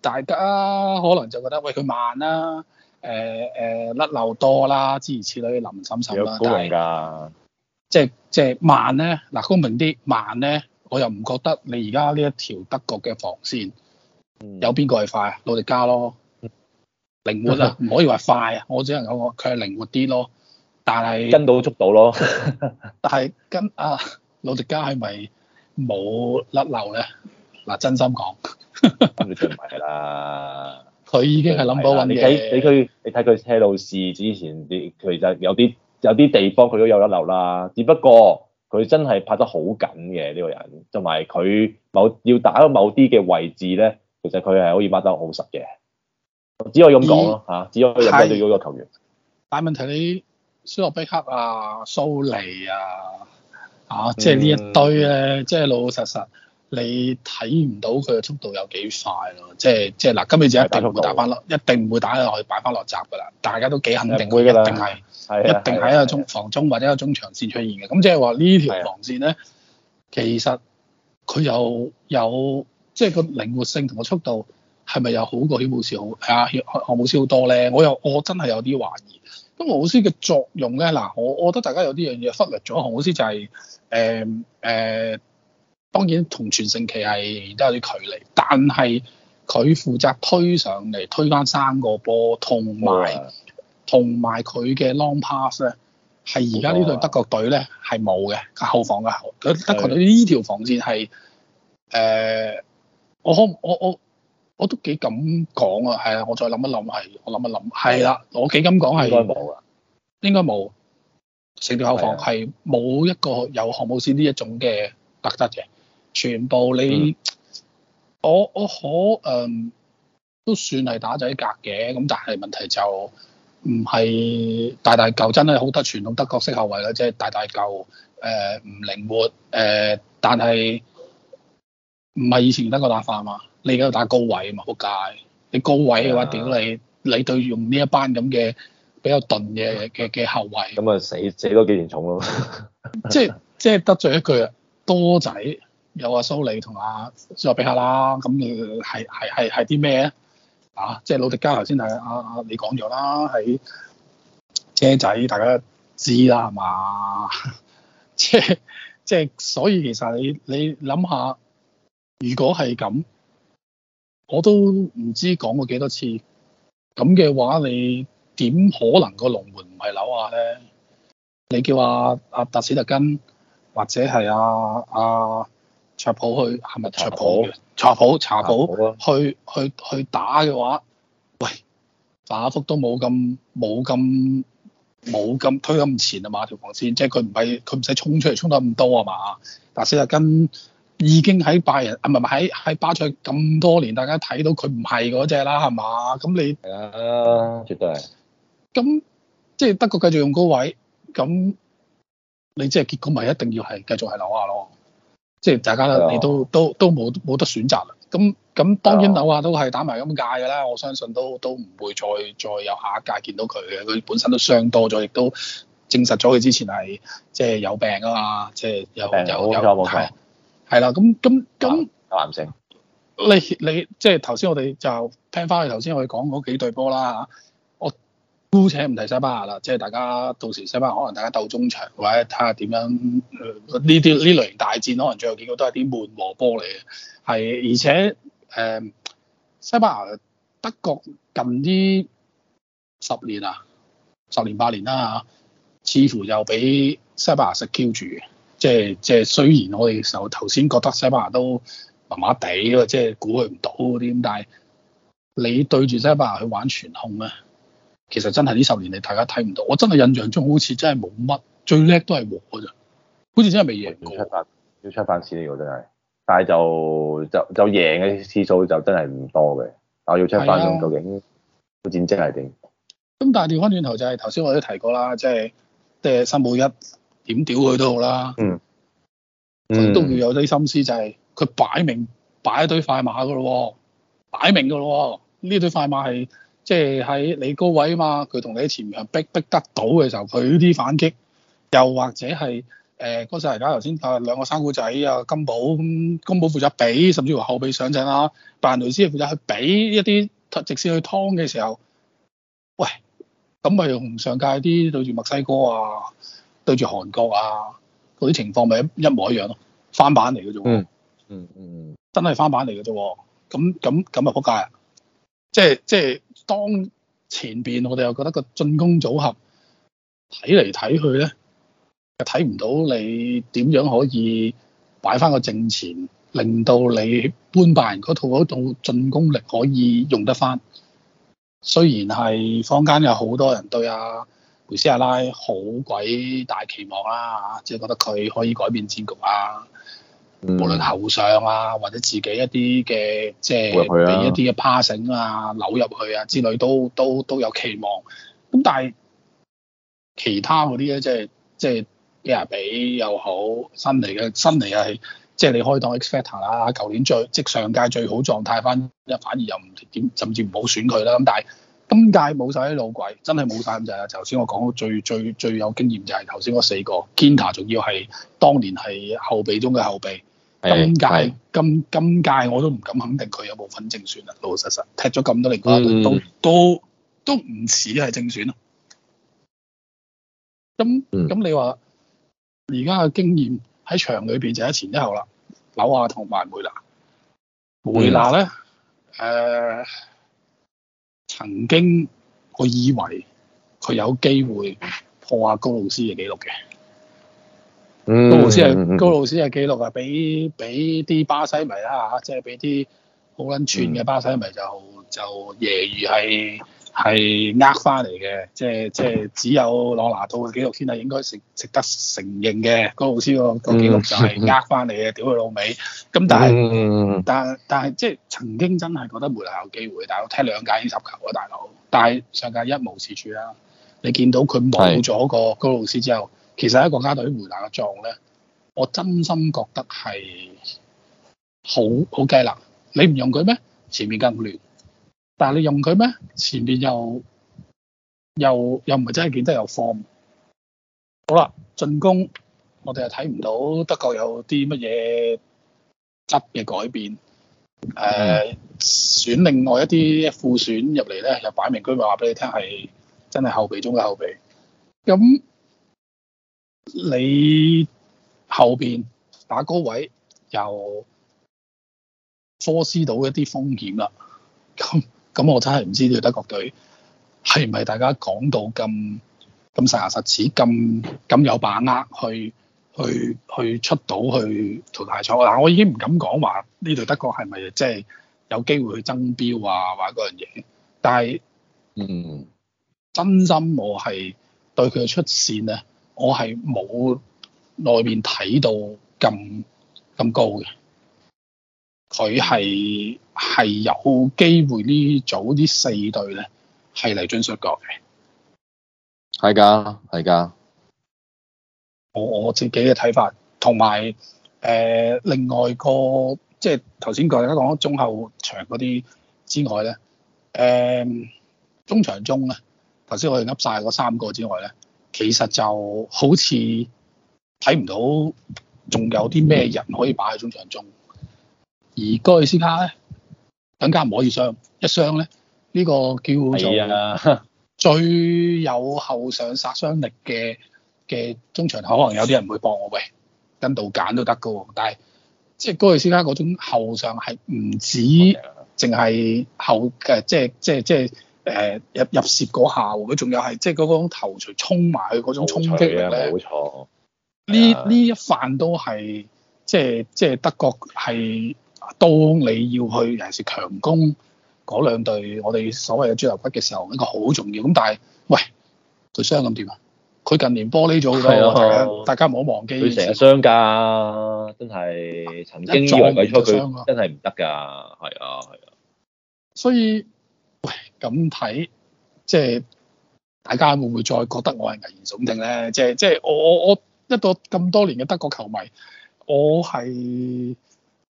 Speaker 1: 大家可能就覺得喂，佢慢啦，誒誒甩漏多啦，諸如此類林林審審啦，但係。但但但但但即係即係慢咧，嗱公平啲慢咧，我又唔覺得你而家呢一條德國嘅防線有邊個係快啊？魯迪加咯，靈活啊，唔可以話快啊，我只能講佢係靈活啲咯，但係跟到速度咯。但係跟啊，魯迪加係咪冇甩漏咧？嗱，真心講，
Speaker 2: 咁你條唔係啦。佢已經係諗到揾你睇你佢，你睇佢車路士之前啲，佢就有啲。有啲地方佢都有一流啦，只不過佢真係拍得好緊嘅呢、呢個人，同埋佢某要打到某啲嘅位置咧，其實佢係可以拍得好實嘅。只可以咁講咯嚇，咦只可以入邊呢個球員。
Speaker 1: 但問題你肖諾貝克啊、蘇利啊、啊，即係呢一堆咧，即係老老實實。你睇唔到佢嘅速度有幾快咯，即係即係嗱，今日就一定唔會打翻落，一定唔會打落去擺翻落閘噶啦，大家都幾肯定嘅，會一定係，的一定係個中的防中或者一個中場線出現嘅。咁即係話呢條防線咧，的其實佢又有即係、即係、個靈活性同個速度係咪又好過曉姆斯？好啊？曉曉姆斯好多咧，我又我真係有啲懷疑。咁曉姆斯嘅作用咧，嗱，我我覺得大家有啲樣嘢忽略咗，曉姆斯就係誒誒。嗯嗯嗯嗯當然同全盛期係都有啲距離，但係佢負責推上嚟推返三個波，同埋同埋佢嘅 long pass 咧，係而家呢隊德國隊咧係冇嘅後防嘅的德國隊呢條防線係誒、呃、我可我我我都幾敢講啊，係啊，我再諗一諗係，我諗一諗係啦，我幾敢講係應該冇噶，應該冇成條後防係冇的一個有漢姆斯呢一種嘅特質嘅。全部你我我可誒、嗯、都算係打仔格嘅咁，但係問題就唔係大大舊真係好得傳統德國式後衞即啫。即係、大大舊誒唔、呃、靈活誒、呃，但係唔係以前德國打法啊嘛。你而家打高位啊嘛，仆街！你高位嘅話，屌是、啊、你你對用呢一班咁嘅
Speaker 2: 比較鈍嘅嘅嘅後衞，咁啊死死都幾嚴重咯 ，
Speaker 1: 即係即係得罪一句多仔。有阿、啊、蘇利同阿蘇比克啦，咁你係係係係啲咩啊？即係路迪加頭先係阿阿你講咗啦，喺車仔，大家知啦係嘛？即係即係，所以其實你你諗下，如果係咁，我都唔知講過幾多次，咁嘅話你點可能個龍門唔係樓下咧？你叫阿阿達史特根或者係阿阿？啊卓普去係咪卓普？卓普，卓普去普、啊、去去，去打嘅話，喂，馬福都冇咁冇咁冇咁推咁前啊嘛條防線，即係佢唔係佢唔使衝出嚟衝得咁多啊嘛。但係斯特根已經喺拜仁啊，唔係唔係喺喺巴塞咁多年，大家睇到佢唔係嗰隻啦，係嘛？咁你
Speaker 2: 啊，絕對係。
Speaker 1: 咁即係德國繼續用高位，咁你即係結果咪一定要係繼續係流下咯？即係大家你都的都都冇冇得選擇啦。咁咁當然樓下都係打埋咁界嘅啦。我相信都都唔會再再有下一屆見到佢嘅。佢本身都傷多咗，亦都證實咗佢之前係即係有病啊嘛。即係有病了有有係啦。咁咁咁，阿林你你即係頭先我哋就聽翻佢頭先我哋講嗰幾對波啦嚇。姑且唔提西班牙啦，即係大家到時西班牙可能大家鬥中場，或者睇下點樣。呢啲呢類型大戰，可能最後見到都係啲悶和波嚟嘅。係而且誒、呃，西班牙德國近啲十年啊，十年八年啦、啊、吓，似乎又俾西班牙 secure 住。即係即係，雖然我哋時候頭先覺得西班牙都麻麻地即係估佢唔到啲咁，但係你對住西班牙去玩全控咧、啊？其實真係呢十年嚟，大家睇唔到。我真係印象中好似真係冇乜，最叻都係和嘅啫。好似真
Speaker 2: 係未贏過。要出翻，要出翻事嚟喎，真係。但係就就就贏嘅次數就真係唔多嘅。但我要出翻，究竟個戰績係點？
Speaker 1: 咁但係調翻轉頭就係頭先我都提過啦，即係即係三保一點屌佢都好啦。
Speaker 3: 嗯。都要
Speaker 1: 有啲心思，就係，就係佢擺明擺一堆快馬嘅咯喎，擺明嘅咯喎，呢堆快馬係。即係喺你高位啊嘛，佢同你喺前面逼逼得到嘅時候，佢啲反擊又或者係誒嗰陣時，頭先啊兩個生果仔啊金寶咁、嗯，金寶負責俾，甚至乎後備上陣啦、啊，白人雷斯負責去俾一啲直線去劏嘅時候，喂咁咪同上屆啲對住墨西哥啊、對住韓國啊嗰啲情況咪一模一樣咯，翻版嚟嘅啫喎，嗯嗯嗯，真係翻版嚟嘅啫喎，咁咁咁啊撲街，即係即係。即當前邊我哋又覺得個進攻組合睇嚟睇去呢，就睇唔到你點樣可以擺翻個正前，令到你搬拜仁嗰套嗰套進攻力可以用得翻。雖然係坊間有好多人對阿、啊、梅斯亞拉好鬼大期望啦、啊，嚇，即係覺得佢可以改變戰局啊！嗯、無論後上啊，或者自己一啲嘅，即係俾一啲嘅 passing 啊、扭入去啊之類都，都都都有期望。咁但係其他嗰啲咧，即係即係耶比又好，新嚟嘅新嚟又係即係你開檔 expect 啦。舊年最即上屆最好狀態，翻一反而又唔點，甚至唔好選佢啦。咁但係今屆冇晒啲老鬼，真係冇晒，咁就係頭先我講到最最最有經驗就係頭先嗰四個。Ginter 仲要係當年係後備中嘅後備。今屆今今屆我都唔敢肯定佢有冇份正選啦，老老實實踢咗咁多年、嗯、都都都唔似係正選咯。咁咁、嗯、你話而家嘅經驗喺場裏邊就一前一後啦，紐亞同埋梅拿，
Speaker 3: 梅拿咧
Speaker 1: 誒、嗯呃、曾經我以為佢有機會破下高路斯嘅紀錄嘅。嗯、高路斯係高路斯嘅記錄啊，俾俾啲巴西迷啦嚇，即係俾啲好撚串嘅巴西迷就就揶揄係係呃翻嚟嘅，即係即係只有朗拿度嘅紀錄先係應該值值得承認嘅，高路斯、嗰個記錄就係呃翻嚟嘅，嗯、屌佢老味。咁但係、嗯、但但係即係曾經真係覺得梅蘭有機會，但係我踢兩屆已經十球啊大佬。但係上屆一無是處啦，你見到佢冇咗個高路斯之後。其實喺國家隊回打嘅狀咧，我真心覺得係好好雞肋。你唔用佢咩？前面更亂。但係你用佢咩？前面又又又唔係真係見得有 form。好啦，進攻我哋又睇唔到德國有啲乜嘢質嘅改變。誒，選另外一啲副選入嚟咧，又擺明句話話俾你聽係真係後備中嘅後備。咁你後邊打高位又科斯到一啲風險啦，咁咁我真係唔知對德國隊係唔係大家講到咁咁實牙實齒咁咁有把握去去去，去出到去淘汰賽。嗱，我已經唔敢講話呢隊德國係咪即係有機會去爭標啊，或者嗰樣嘢？但係，嗯，真心我係對佢嘅出綫咧。我係冇內面睇到咁咁高嘅，佢係係有機會這組這呢組呢四隊咧係嚟進出角嘅，係㗎係㗎。我我自己嘅睇法，同埋誒另外個即係頭先講講中後場嗰啲之外咧，誒、呃、中場中咧，頭先我哋噏晒嗰三個之外咧。其實就好似睇唔到仲有啲咩人可以擺喺中場中，而哥爾斯卡咧更加唔可以傷，一傷咧呢、呢個叫做最有後上殺傷力嘅嘅中場，可能有啲人會幫我喂跟到揀都得㗎喎，但係即係哥爾斯卡嗰種後上係唔止淨係 Okay. 後嘅，即係即係即係。誒，入入攝嗰下，佢仲有係即係嗰種頭槌衝埋去嗰種衝擊嚟冇錯。呢呢、啊哎、一范都係即係即係德國係，當你要去尤其是強攻嗰兩隊，我哋所謂嘅豬頭骨嘅時候，一、這個好重要。咁但係，喂，佢傷咁點啊？佢近年玻璃咗好多，
Speaker 2: 大家唔好忘記。佢成日傷架，真係曾經以他他真係唔得噶，係啊係啊。
Speaker 1: 啊所以。喂，咁睇，即係大家會唔會再覺得我係危言聳聽咧即係即係我我我一個咁多年嘅德國球迷，我係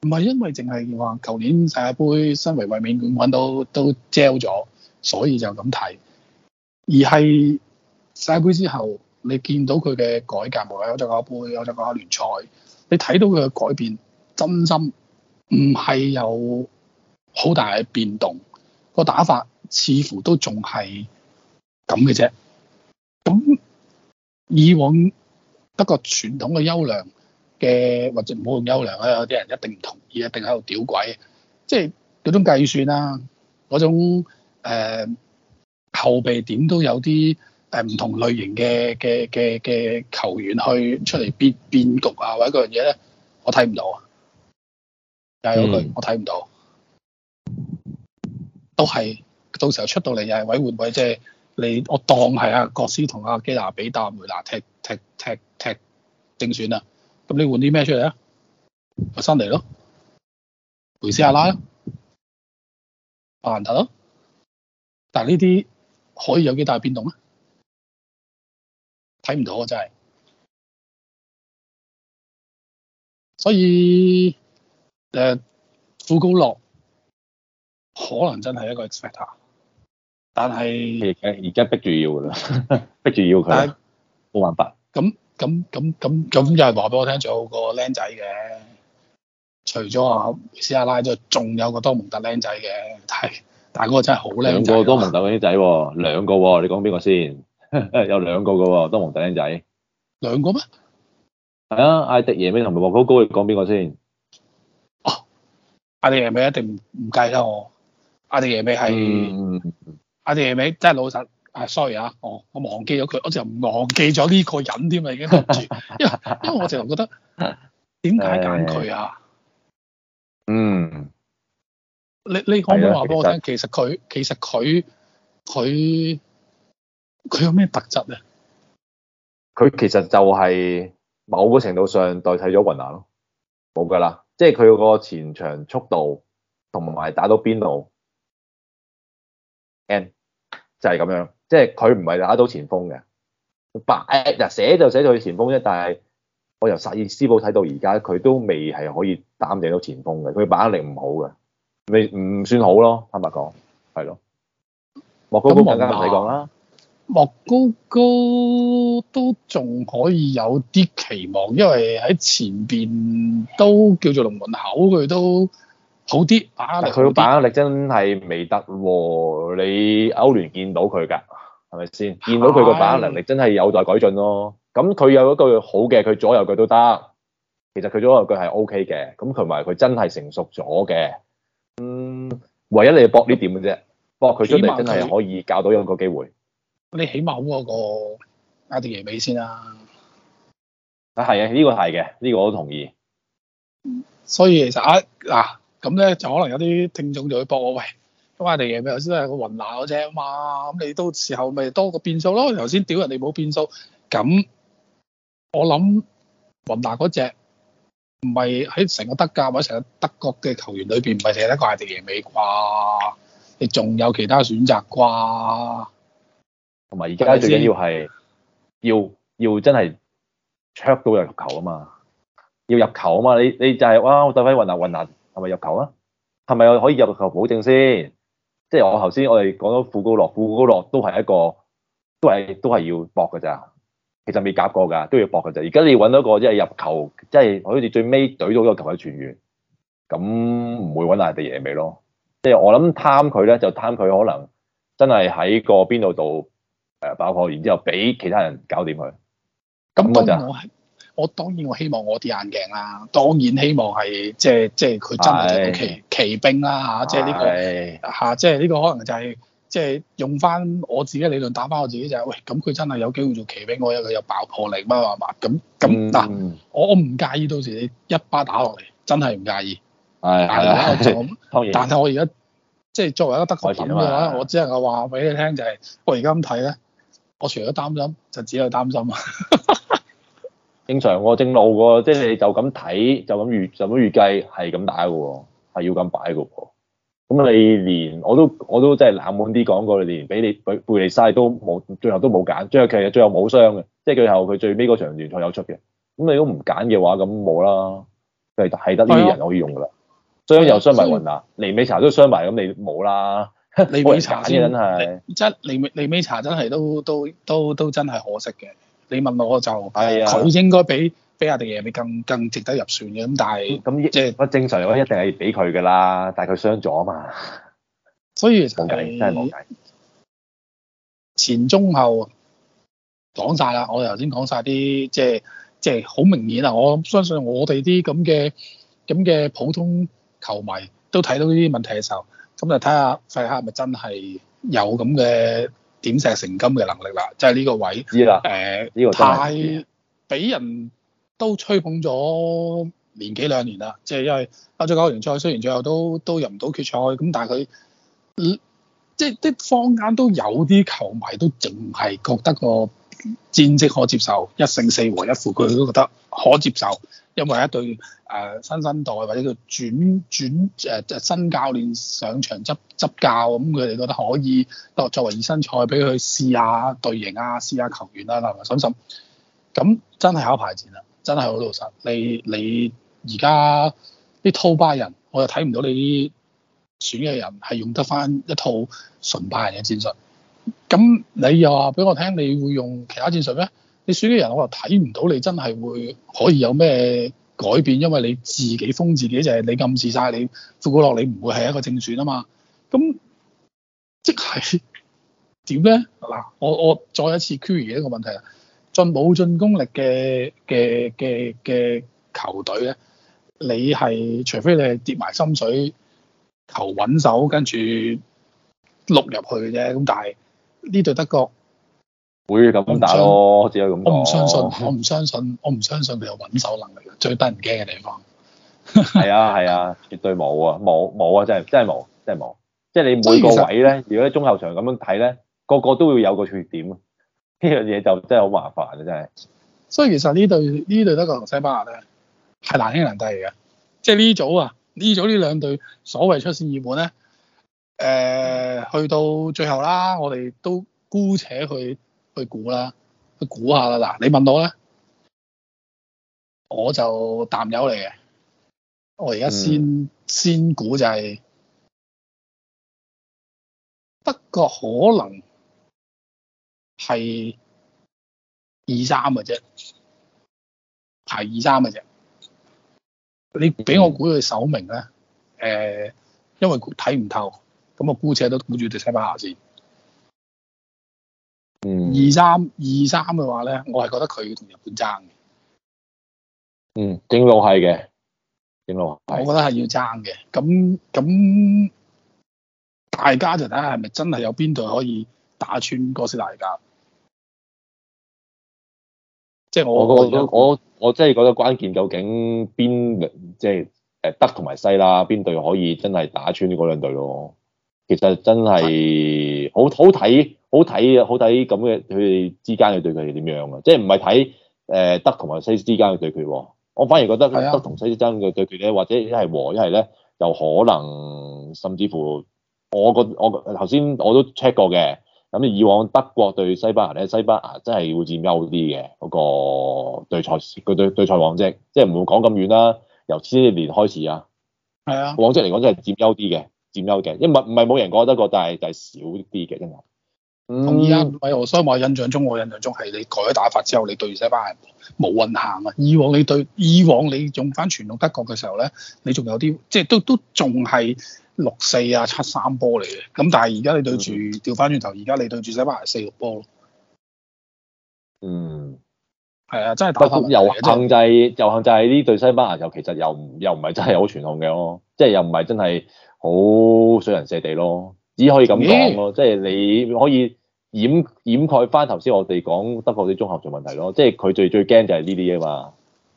Speaker 1: 唔係因為淨係話，舊年世界盃身為衛冕冠軍都都焦咗，所以就咁睇，而係世界盃之後，你見到佢嘅改革，無論有咗個盃，有咗個聯賽，你睇到佢嘅改變，真心唔係有好大嘅變動。個打法似乎都仲係咁嘅啫。咁以往德國傳統嘅優良嘅，或者唔好用優良啊，有啲人一定唔同意，一定喺度屌鬼。即係嗰種計算啊，嗰種誒、呃、後備點都有啲誒唔同類型嘅嘅嘅嘅球員去出嚟變變局啊，或者嗰樣嘢咧，我睇唔到啊！又有佢，我睇唔到。都係到時候出到嚟又係委換位，即係你我當係阿國師同阿基娜比達梅拿踢踢踢踢正選啦。咁你換啲咩出嚟啊？阿新迪咯，梅斯阿拉咯，
Speaker 3: 阿蘭特咯。但係呢啲可以有幾大變動啊？睇唔到啊，真係。
Speaker 1: 所以誒、呃，富高樂。可能真係一個 expecter，
Speaker 2: 但係而家逼住要噶啦，逼住要佢，冇是辦法。咁
Speaker 1: 咁咁咁咁就係話俾我聽，最好個靚仔嘅，除咗慕西亞拉之外仲有個多蒙特靚仔嘅，但係
Speaker 2: 但係嗰個真係好靚仔，哦。兩個，哦 兩個哦，多蒙特啲仔，兩個，你講邊個先？有兩個嘅多蒙特靚仔。兩個咩？係啊，艾迪耶咪同埋莫高高，你講邊個先？哦，艾迪耶咪一定唔計啦，
Speaker 1: 我。阿迪、啊、爺尾係阿迪爺尾，真係老實，啊 sorry 啊，哦，我忘記咗佢，我就忘記咗呢個人添啊，已經，因為因為我成日覺得點解揀佢啊、哎？嗯，你你可唔可以話俾我聽實？
Speaker 2: 其實佢其實佢佢佢有咩特質啊？佢其實就係某個程度上代替咗雲南咯，冇㗎喇，即係佢個前場速度同埋打到邊度。就係咁樣，即係佢唔係打到前鋒嘅，百誒，嗱寫就寫到去前鋒啫。但係我由薩爾斯堡睇到而家，佢都未係可以擔定到前鋒嘅，佢把握力唔好嘅，未唔算好咯。坦白講，係咯。莫高高，大家唔使講啦。莫
Speaker 1: 高高都仲可以有啲期望，
Speaker 2: 因為喺前邊
Speaker 1: 都叫做龍門口，佢都。
Speaker 2: 好啲，但係佢個把握力真係未得喎。你歐聯見到佢㗎，係咪先？見到佢個把握能力真係有待改進咯。咁佢唉有一個好嘅，佢左右腳都得。其實佢左右腳係 O K 嘅。咁同埋佢真係成熟咗嘅。嗯，唯一你係搏呢點嘅啫，搏佢出嚟真係可以教到一個機會。
Speaker 1: 你起碼好過阿迪耶米先啦。
Speaker 2: 啊，係啊，呢個係嘅，呢個我都同意。
Speaker 1: 所以其實啊，嗱、啊。咁咧就可能有啲聽眾就會駁我，喂，咁拉地嘅咩？頭先係個雲南嗰隻啊嘛，咁你到時候咪多個變數咯。頭先屌人哋冇變數，咁我諗雲南嗰隻唔係喺成個德甲或者成個德國嘅球員裏邊唔係剩得個系地嘅尾啩？
Speaker 2: 你仲有其他選擇啩？同埋而家最緊要係嗎要要真係 check 到入球啊嘛，要入球啊嘛。你你就係、是、哇、啊，我帶翻雲南雲南。係咪入球啊？係咪可以入球保證先？即係我頭先我哋講到富高洛，富高洛都係一個，都係都係要搏㗎咋，其實未夾過㗎，都要搏㗎咋。而家你要揾到一個即係入球，即係好似最尾隊到一個球嘅傳員，咁唔會揾大地爺味咯。即係我諗貪佢咧，就貪佢可能真係喺個邊度度誒，爆破然之後俾其他人搞掂佢。咁我就。嗯。
Speaker 1: 我當然我希望我跌眼鏡啦、啊，當然希望係即係即係佢真係做個奇兵啦嚇，即係呢個嚇，即係呢個可能就係、是、即係用翻我自己理論打翻我自己就係、是，喂咁佢真係有機會做奇兵，我有佢有爆破力啦係嘛？咁咁嗱，嗯、我我唔介意到時你一巴打落嚟，真係唔介意。
Speaker 3: 係的，但係我而家
Speaker 1: 即係作為一個德國人，嘅話、就是，我只能夠話俾你聽就係，我而家咁睇咧，我除咗擔心就只有擔心。
Speaker 2: 正常我正路喎，即係你就咁睇，就咁預，就咁預計係咁打嘅喎，係要咁擺嘅喎。咁你連我都我都即係冷門啲講過，連俾你俾貝利塞都冇，最後都冇揀，最後其實最後冇傷嘅，即係最後佢最尾嗰場聯賽有出嘅。咁你如果唔揀嘅話，咁冇啦。就係得呢啲人可以用噶啦。傷又傷埋雲南，尼美查都傷埋，咁你冇啦。你人揀真係。
Speaker 1: 真尼美尼美查真係都都都都真係可惜嘅。你問我就佢、啊、應該比比阿定爺比更更
Speaker 2: 值得入選嘅，咁但係咁即係不正常嚟講我一定係俾佢噶啦，但係佢傷咗啊嘛。所以其實真係冇計。前中後
Speaker 1: 講晒啦，我哋頭先講晒啲即係即係好明顯啊！我相信我哋啲咁嘅咁嘅普通球迷都睇到呢啲問題嘅時候，咁就睇下費克係咪真係有咁嘅。點石成金嘅能力啦，就係呢個位。知啦，
Speaker 3: 誒、呃，太
Speaker 1: 俾人都吹捧咗年幾兩年啦，即係因為亞洲九強賽雖然最後都都入唔到決賽，咁但係佢，即係啲坊間都有啲球迷都淨係覺得個。戰績可接受，一勝四和一負，佢都覺得可接受，因為一對誒、呃、新生代或者叫轉轉誒、呃、新教練上場執執教咁，佢、嗯、哋覺得可以作作為熱身賽俾佢試下隊型啊，試下球員啊，同埋什什，咁真係考牌戰啦，真係好老實，你你而家啲套巴人，我又睇唔到你啲選嘅人係用得返一套純巴人嘅戰術。咁你又話俾我聽，你會用其他戰術咩？你選啲人，我又睇唔到你真係會可以有咩改變，因為你自己封自己就係你暗示晒，富樂你傅古洛，你唔會係一個正選啊嘛。咁即係點咧？嗱，我我再一次 query 呢個問題啦。進冇進攻力嘅嘅嘅嘅球隊咧，你係除非你跌埋心水求穩手，跟住錄入去嘅啫。咁但係，呢隊德國
Speaker 2: 會咁打咯？只有咁我唔相信，
Speaker 1: 我唔相信，我唔相信佢有穩
Speaker 2: 守能力最得人驚嘅地方。係 啊係啊，絕對冇啊，冇冇啊，真係真係冇，真係冇。即係你每個位咧，如果喺中後場咁樣睇咧，個個都會有個缺點啊。呢樣嘢就真係好麻煩啊！真係。
Speaker 1: 所以其實呢隊呢隊德國同西班牙咧係難兄難弟嘅，即係呢組啊呢組呢兩隊所謂出線熱門咧。誒、uh, 去到最後啦，我哋都姑且去去估啦，去估下啦。嗱，你問我咧，我就淡友嚟嘅。我而家先、嗯、先估就係、是，
Speaker 3: 德國可能係
Speaker 1: 二三嘅啫，排二三嘅啫。你俾我估佢首名咧，誒、呃，因為睇唔透。咁、嗯、我姑且都估住對西班牙先，二三二三嘅話咧，我係覺得佢同日本爭嘅。
Speaker 2: 嗯，正路係嘅，正路係。我覺得係要
Speaker 1: 爭嘅。咁咁，大家就睇下係咪真係有邊隊可以打穿哥斯達黎加？
Speaker 2: 即係我我我真係覺得關鍵究竟邊即係誒德同埋西啦，邊隊可以真係打穿嗰兩隊咯？其實真係好好睇，好睇，好睇咁嘅佢哋之間嘅對決係點樣啊！即係唔係睇誒德同埋西之間嘅對決，啊。我反而覺得德同西之間嘅對決咧，或者一係和，一係咧又可能甚至乎我，我覺我頭先我都 check 過嘅。咁、嗯、以往德國對西班牙咧，西班牙真係會佔優啲嘅嗰個對賽事，佢、那個、對、那個、對賽往績，即係唔會講咁遠啦。由千年開始啊，係是啊往，往績嚟講真係佔優啲嘅。佔優嘅，因為唔唔係冇人贏過德國，但係就係少啲嘅，因為、嗯、
Speaker 1: 同意啊，咪我所以我印象中，我印象中係你改咗打法之後，你對住西班牙冇運行
Speaker 2: 啊！以往你對以往你
Speaker 1: 用翻傳統德國嘅時候咧，你仲有啲即係都都仲係六四啊七三波嚟嘅，咁但係而家你對住調翻轉頭，而家、嗯、你對住西班牙四六波
Speaker 2: 咯。嗯，係啊，真係打法又限制又限制呢？嗯、對西班牙就其實又唔又唔係真係好傳統嘅咯，即係又唔係真係。好、哦、水人射地咯，只可以咁講咯，咦即係你可以掩掩蓋翻頭先我哋講德國啲綜合性問題咯，即係佢最最驚就係呢啲嘢嘛，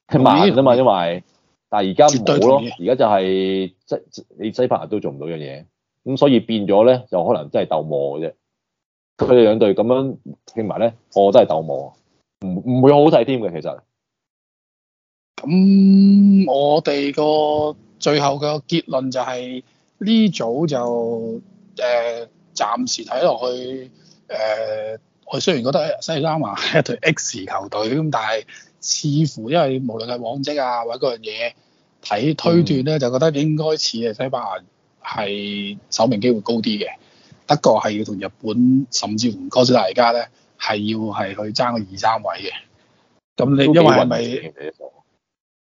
Speaker 2: 係咪啊嘛，因為但係而家冇咯，而家就係即你西班牙都做唔到樣嘢，咁所以變咗咧就可能真係鬥磨嘅啫，佢哋兩隊咁樣聽埋咧，我真係鬥磨，唔唔會好睇添嘅其實。
Speaker 1: 咁我哋個最後嘅結論就係、是。呢組就誒暫、呃、時睇落去誒、呃，我雖然覺得西班牙係一隊 X 球隊，咁，但係似乎因為無論係往績啊或者嗰樣嘢睇推斷咧，就覺得應該似係西班牙係首名機會高啲嘅。德國係要同日本甚至乎哥斯達黎加咧係要係去爭個二三位嘅。咁你因為係咪？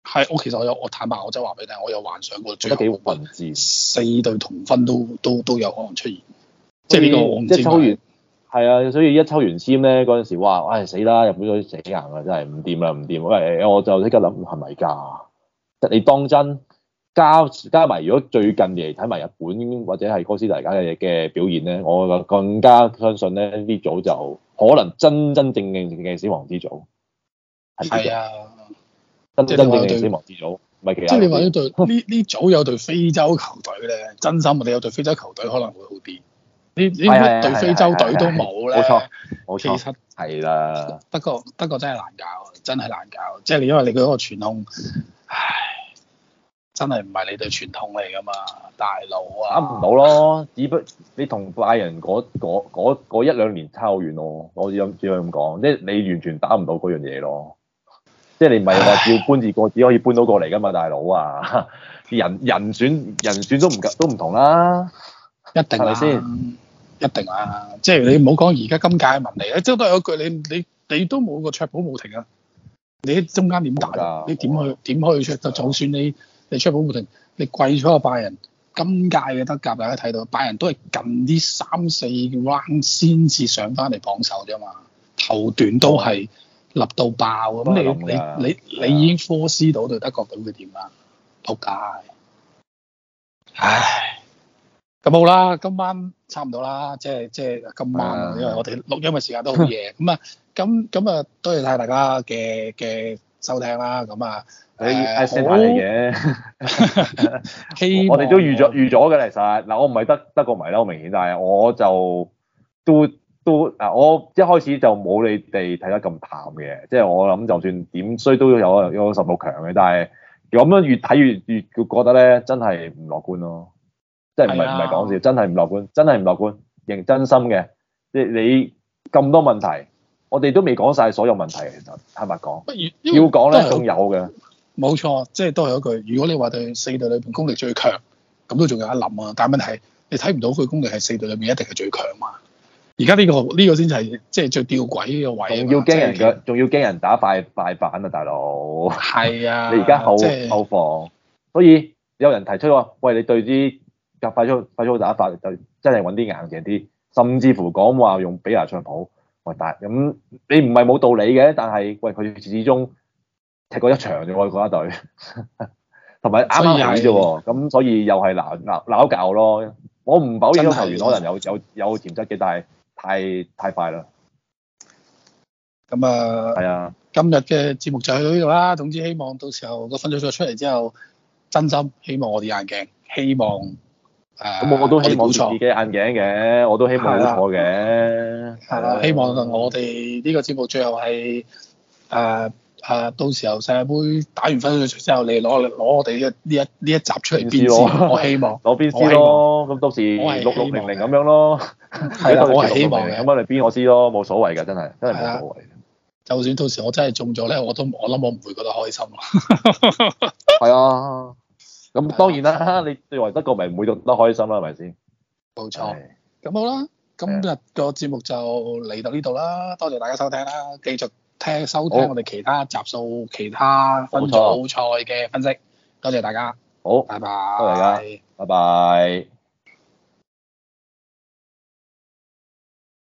Speaker 1: 係，我其實我有，我坦白，我真係話俾你聽，我有幻想過最後幾個文字，四對同分都都都有可能出現。即係呢個即
Speaker 2: 係抽完，係啊，所以一抽完籤咧，嗰陣時哇，唉、哎、死啦！日本都死硬啊，真係唔掂啦，唔掂。誒，我就即刻諗係咪㗎？你當真加加埋？如果最近嚟睇埋日本或者係哥斯達尼加嘅嘅表現咧，我更加相信咧呢組就可能真真正正嘅死亡之組係。係啊。真真正正死亡之組，
Speaker 1: 唔係其他。即係你話呢隊呢呢組有隊非洲球隊咧，真心你有隊非洲球隊
Speaker 2: 可能會好啲。
Speaker 1: 你你乜非洲隊都冇咧？冇
Speaker 2: 錯， 冇錯。係啦，
Speaker 1: 德國德國真係難搞，真係難搞，即係你因為你嗰個傳統，唉，真係唔係你隊傳統嚟㗎嘛，大佬啊！啱唔
Speaker 2: 到咯，只不你同拜仁嗰、嗰個嗰個、一兩年差好遠咯，我只只可以咁講，即係你完全打唔到嗰樣嘢咯。即係你唔係話照搬字過紙，只可以搬到過嚟㗎嘛，大佬啊！人人選人選都唔都唔同啦、啊，
Speaker 1: 一定係、啊、先？
Speaker 2: 吧一定啊。
Speaker 1: 即係你唔好講而家今屆嘅問題
Speaker 2: 啊，即係都係句，你
Speaker 1: 你你都冇個卓保冇停啊！你喺中間點打？啊的？你點去點去出？就就算你你卓保無停，你貴咗個拜仁今屆嘅德甲大家睇到，拜仁都係近啲三四 round 先至上翻嚟榜首啫嘛，頭段都係。嗯立到爆啊！咁你你你你已經 force 到對德國隊會點啊？撲街！唉，咁好啦，今晚差唔多啦，即係即係今晚，因為我哋錄音嘅時間都好夜。咁啊，咁咁啊，多謝晒大家嘅嘅收聽啦。咁啊，你 I C 牌嚟
Speaker 2: 嘅，我哋都預咗預咗嘅其實。嗱，我唔係德德國迷啦，明顯，但係我就都。都啊！我一開始就冇你哋睇得咁淡嘅，即係我諗就算點衰都有有十六強嘅。但係如果咁樣越睇越越覺得咧，真係唔樂觀咯。即係唔係唔係講笑，真係唔樂觀，真係唔樂觀，認真心嘅。即係你咁多問題，我哋都未講晒所有問題，其實坦白講，為要講咧，仲是有嘅。冇錯，即係
Speaker 1: 都係一句。如果你話對四隊裏邊功力最強，咁都仲有一諗啊。但問題係你睇唔到佢功力係四隊裏面一定係最強嘛？而家呢個呢個先就係即係最吊詭嘅位要，要驚人腳，
Speaker 2: 仲要驚人打快快板啊！大佬係啊，的 你而家後、就是、後防，所以有人提出話：，喂，你對啲快速快速打法就真係揾啲硬淨啲，甚至乎講話用比牙上譜喂大咁，你唔係冇道理嘅，但係喂佢始終踢過一場就愛嗰一隊，同埋啱啱起啫，咁所,以所,所以又係鬧鬧鬧教咯。我唔否認球員可能有有有潛質嘅，但係。太
Speaker 1: 太快啦！咁、嗯、啊，啊今日嘅節目就去到呢度啦。總之希望到時候個分數再出嚟之後，真心希望我哋眼鏡，希望
Speaker 2: 誒。咁、啊、我都希望自
Speaker 1: 己眼鏡嘅，我都，我都希望估錯嘅。係啦，希望我哋呢個節目最後係誒。啊啊！到時候世界盃打完分數之後，你攞
Speaker 2: 攞我哋嘅呢一呢一集出嚟編字，我希望攞編字咯。咁到時六六零零咁樣咯。係啦，我係希望嘅。咁咪編我知咯，冇所謂㗎，真係真係冇所謂。
Speaker 1: 就算到時我真係中咗咧，我都我諗我唔會覺得開心。
Speaker 2: 係啊，咁當然啦，你作為德國咪唔會覺得開心啦，係咪先？冇錯。
Speaker 1: 咁好啦，今日個節目就嚟到呢度啦，多謝大家收聽啦，繼續。聽收聽我哋其他集數、其他分組賽嘅分析，冇錯。多謝大家。
Speaker 2: 好，拜拜。多謝大家，拜拜。拜拜。